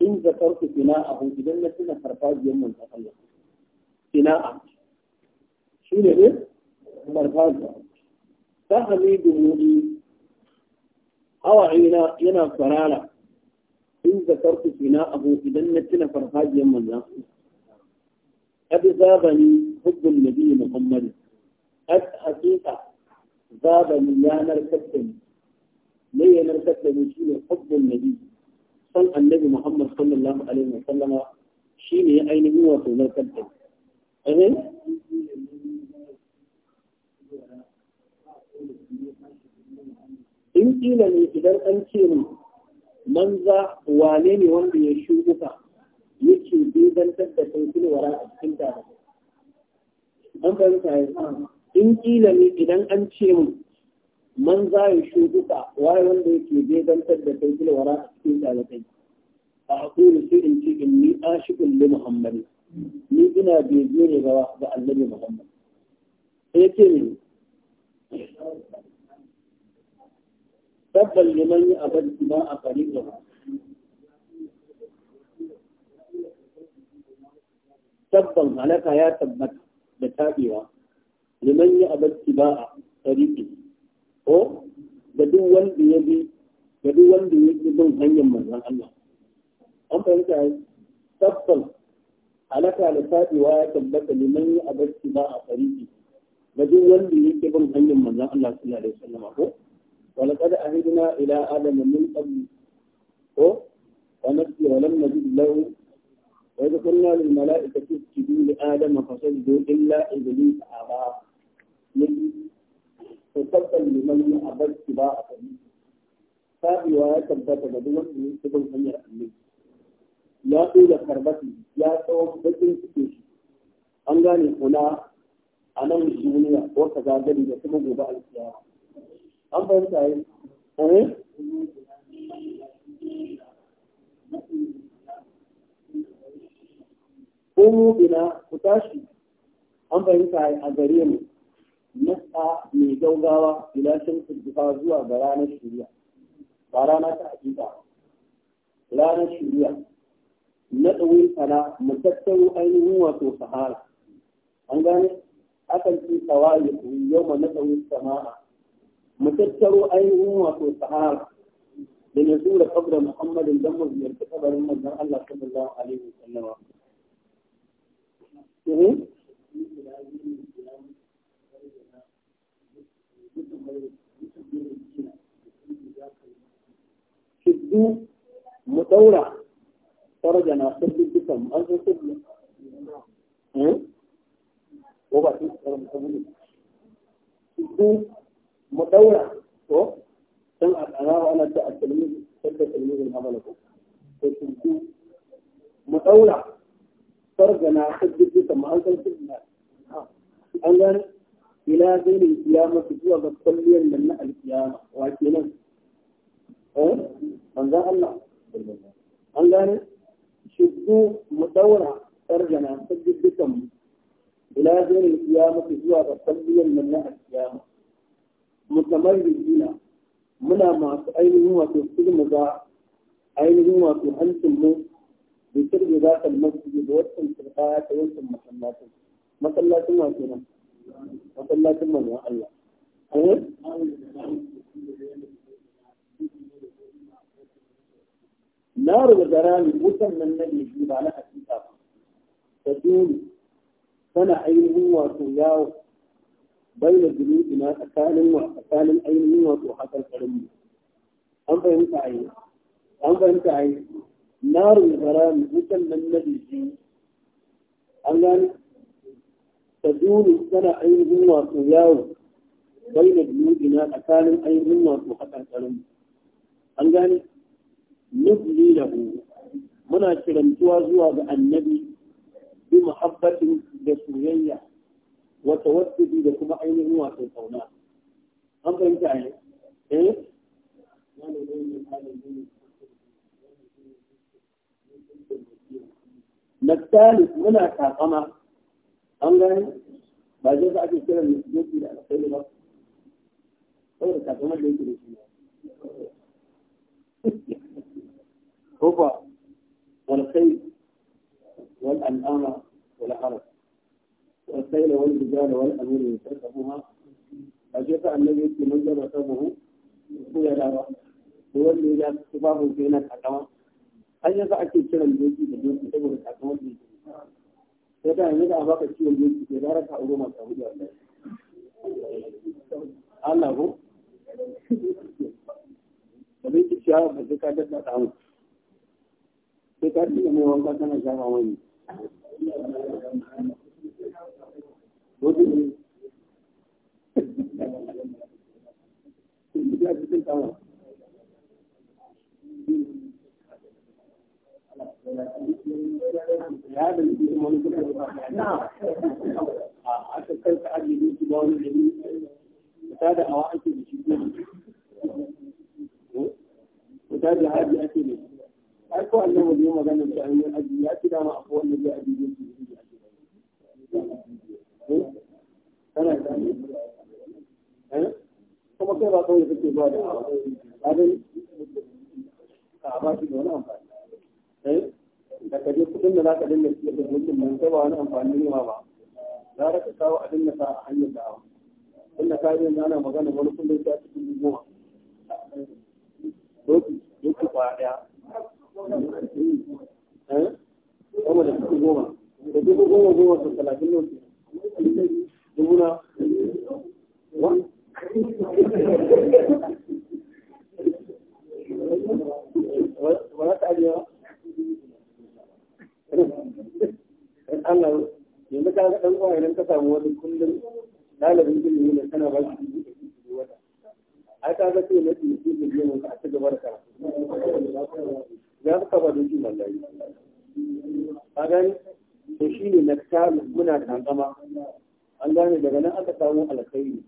A: in zakar ku zakarku fina'ahu idan na tuna farfajiyar manzan Allah a shi ne ne farfajiya ta hamidu hudu awaye na yana farara in zakartu fina abu idan na tuna farfajiyar manza qad zabani hubbun nabiyyi muhammad qad haqiqa zabani ya narkatta ni me ya narkatta ni shine hubbun nabi san annabi muhammad sallallahu alaihi wasallam shine ainihin wato narkatta amin in kila ne idan an ce mu manza wane ne wanda ya shuguka yake dubantar da kai kulwara a cikin tare an fahimta ya in kila ne idan an ce mu manza ya shuguka waye wanda yake dubantar da kai kulwara a cikin tare kai a hakuri sai in ce in ni shi kulle muhammad ni ina bezo ne ga annabi muhammad sai ce ne سبا لمن يأبد ما أقريبه سبا عليك يا تبت بتابعه liman ya abar fari tariki ko da duk wanda ya bi da duk wanda ya bi bin hanyar manzon Allah an fahimta tabbal alaka da tabewa ya tabbata liman ba abar fari tariki da duk wanda ya bi bin hanyar manzon Allah sallallahu alaihi wasallam ko ولقد عهدنا إلى آدم من قبل ونبي ولم نجد له وإذ قلنا للملائكة اسجدوا لآدم فسجدوا إلا إبليس أبى فسبا لمن أبى اتباع سبيله فابي ويثبت بدون من سبل من أمين يا طول خربتي يا صوم بدن سكيش أنغاني هنا أنا مش دنيا وكذا جديد سبب جبال القيامة an fahimta yi eh Kuma bina ku tashi an fahimta yi a gare mu nasa mai gaugawa ila shan dufa zuwa ga ranar shirya ba rana ta hakika ranar shirya na ɗauyin sana mu tattaro ainihin wato sahara an gane akan ce tsawaye yau ma na ɗauyin sama'a mu tattaro ainihin wato sahara da na zura kabra muhammadin dan mu ziyarci kabarin manzon Allah sallallahu alaihi wa sallama eh? Shiddu mu ɗaura faraja na sabbin dukan an san sabbin. Eh? Ko ba su tsaron sabbin. Shiddu mu daura ko dan a tsara ana ta alimi sarka alimi amala ko to shi mu daura sargana hajji ta ma'aikatan sunna an gane ila zai kiyama su zuwa ga kwalliyar nan na alkiyama wa kenan eh manzan Allah an gane shiddu mu daura sargana hajji ta ila zai kiyama su zuwa ga kwalliyar nan na alkiyama mutamarrijina muna masu ainihin wato silmuza ainihin wato hancin mu da kirgi za ta masjidi da wancan turɓaya ta wancan masallacin masallacin wa kenan masallacin manzon Allah eh? na da rami wutan nan na bebi ba na hakika ba ta dole tana ainihin wato yawo bayyana ina tsakanin wa tsakanin ainihin wato hakan karin mu an fahimta ai an fahimta ai narun garami wutan nan na jiki an gani ta duni tana ainihin wato yawo bayyana ina tsakanin ainihin wato hakan karin mu an gani nufli lahu muna kirantuwa zuwa ga annabi bi muhabbatin da soyayya وتوسد إذا كما عينه واسد أو نار أمر أنت عينه إيه؟ مثال منا كاقما أمر أنت بعد ذلك أجل كلا نسجد إلى الخير الله خير طيب، كاقما ليس ليس هو والخير والأنعام والحرس والسيل والبجال والأمير يتركبها أجيب النبي يبكي من جمع ثوبه هو يدعوه هو اللي جاء صفافه فينا هناك أن يضع كل شيء الجوتي بالجوتي تقول الحكما دي فإذا يضع باقي الشيء الجوتي في دارك أروم السعودية الله هو abin ki ciyawa ba sai ka daɗa يوضع كان ka magana da kana gani eh? kuma kai ba kawai kake ba da abin a ba shi da wani amfani eh? da je kudin da za ka dinga ciyar da mutum nan kai ba wani amfani ne ma ba za ka kawo a dinga sa a hanyar da awa inda ka yi ana magana wani kundin ta cikin goma doki doki kwaya daya
B: eh? sama da cikin
A: goma da cikin goma goma da talatin lokaci Duna. What? Wala ta ajiya Allah yanzu ka ga ɗan uwa idan ka samu wani kullum ɗalibin ilimi ne kana ba shi wata. Ai ta ga na ɗin ɗin ɗin ɗin a ci gaba da karatu. Ya fi kaba da shi mallaye. Ka gani? To shi ne na muna tantama an gane daga nan aka samu alkhairi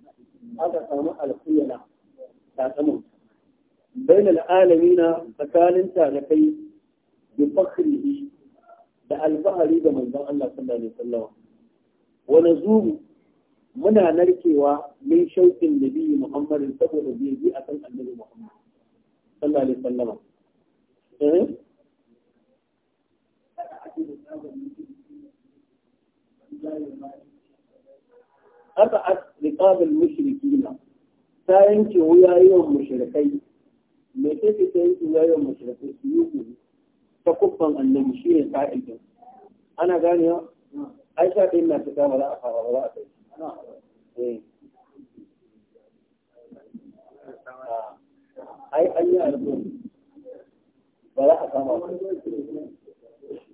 A: aka samu alkhuyala tsakanin bain alamina tsakanin talakai bi fakhrihi da alfahari ga manzon Allah sallallahu alaihi wasallam wa nazuru muna narkewa min shauƙin nabi Muhammad saboda bai bi akan annabi Muhammad sallallahu alaihi wasallam eh Thank you. قطعت رقاب المشركين سائنك وياي المشركين ميتك سائنك وياي المشركين سيوكي فكفا أن المشير قائل جن أنا قاني أيشا إما تكام لا أخرى ولا أخرى أي أي أردون ولا أخرى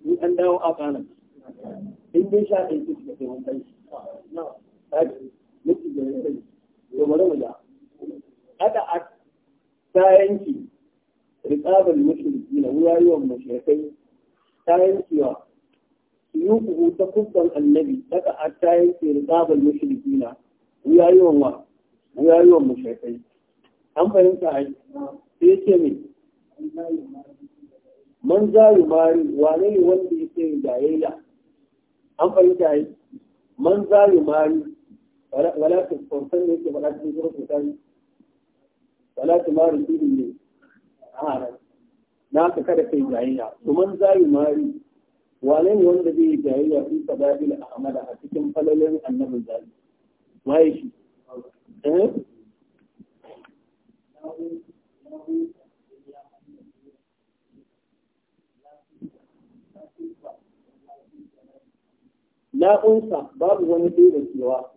A: من أنه أقانك إن بيشا إن تكتبهم تيش نعم miki da yare to bari mu da kada ta yanki riqabal mushriki na wayayuwan mushrikai ta yanki wa yuku ta kubban annabi daga ta yanki riqabal mushriki na wayayuwan wa wayayuwan mushrikai an fahimta ai sai ce me man zayu mari wane ne wanda ya yake da yayla an fahimta ai man zayu mari wala ta ne yake faɗa cikin zuwa tsakani wala ta ne na ka kada kai jayayya domin zai mari wane wanda zai yi jayayya fi sababil a amada a cikin falalin annabin zai na babu wani ɗaya da cewa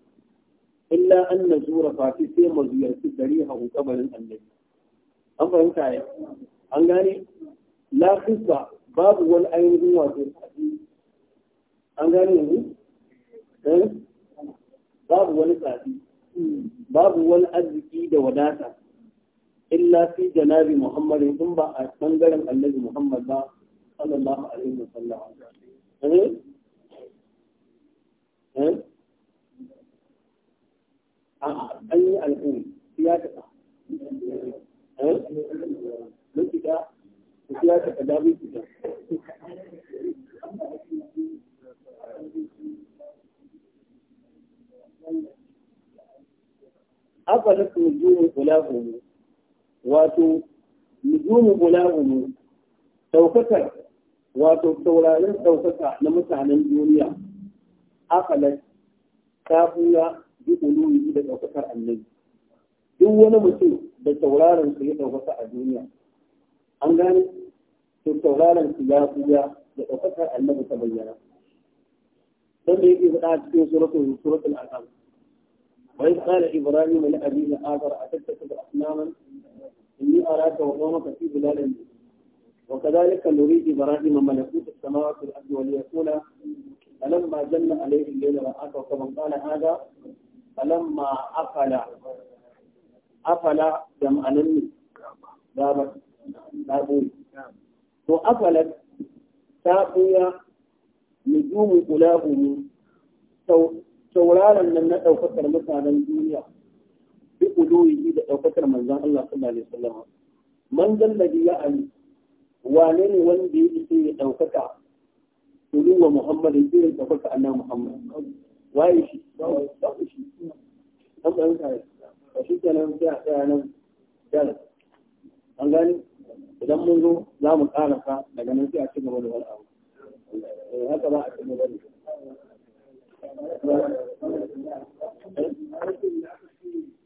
A: illa an na zura fafi sai mu ziyarci gari a kabarin annabi an fahimta ya an gane lafisa babu wani ainihin wato an gane yanzu eh? babu wani tsafi. babu wani arziki da wadata illa fi janabi muhammadin in ba a bangaren annabi muhammad ba sallallahu alaihi wasallam eh, eh? an yi alƙuri ya taɓa eh? mun fita ya taɓa da mun fita haka da su nujumin gulahumu wato nujumin gulahumu ɗaukakar wato saurarin ɗaukaka na mutanen duniya haka da ta bi ulumi da daukakar annabi duk wani mutum da tauraron su ya daukaka a duniya an gane to tauraron su ya kuya da daukakar annabi ta bayyana dan da yake faɗa cikin suratul suratul an'am وإذ قال إبراهيم لأبيه آخر أتتخذ أصناما إني أراك وقومك في بلال وكذلك نري إبراهيم ملكوت السماوات والأرض وليكون فلما جن عليه الليل رآك وكمن قال هذا falamma afala afala da ma'anin ne da ɗaɓoyi to afala ta ɓuya nujumu ƙulaɓumi tauraron nan na ɗaukakar mutanen duniya bi ƙuluyi da ɗaukakar manzan Allah sallallahu alaihi wasallam man zallabi ya ali wane ne wanda ya ce ya ɗaukaka tulu wa muhammadin irin ɗaukaka annabi muhammad waye shi babu shi an fahimta ba shi kenan sai tsaya nan jan an gani idan mun zo za mu ka daga nan sai a ci gaba da wani abu eh, haka ba a ci gaba da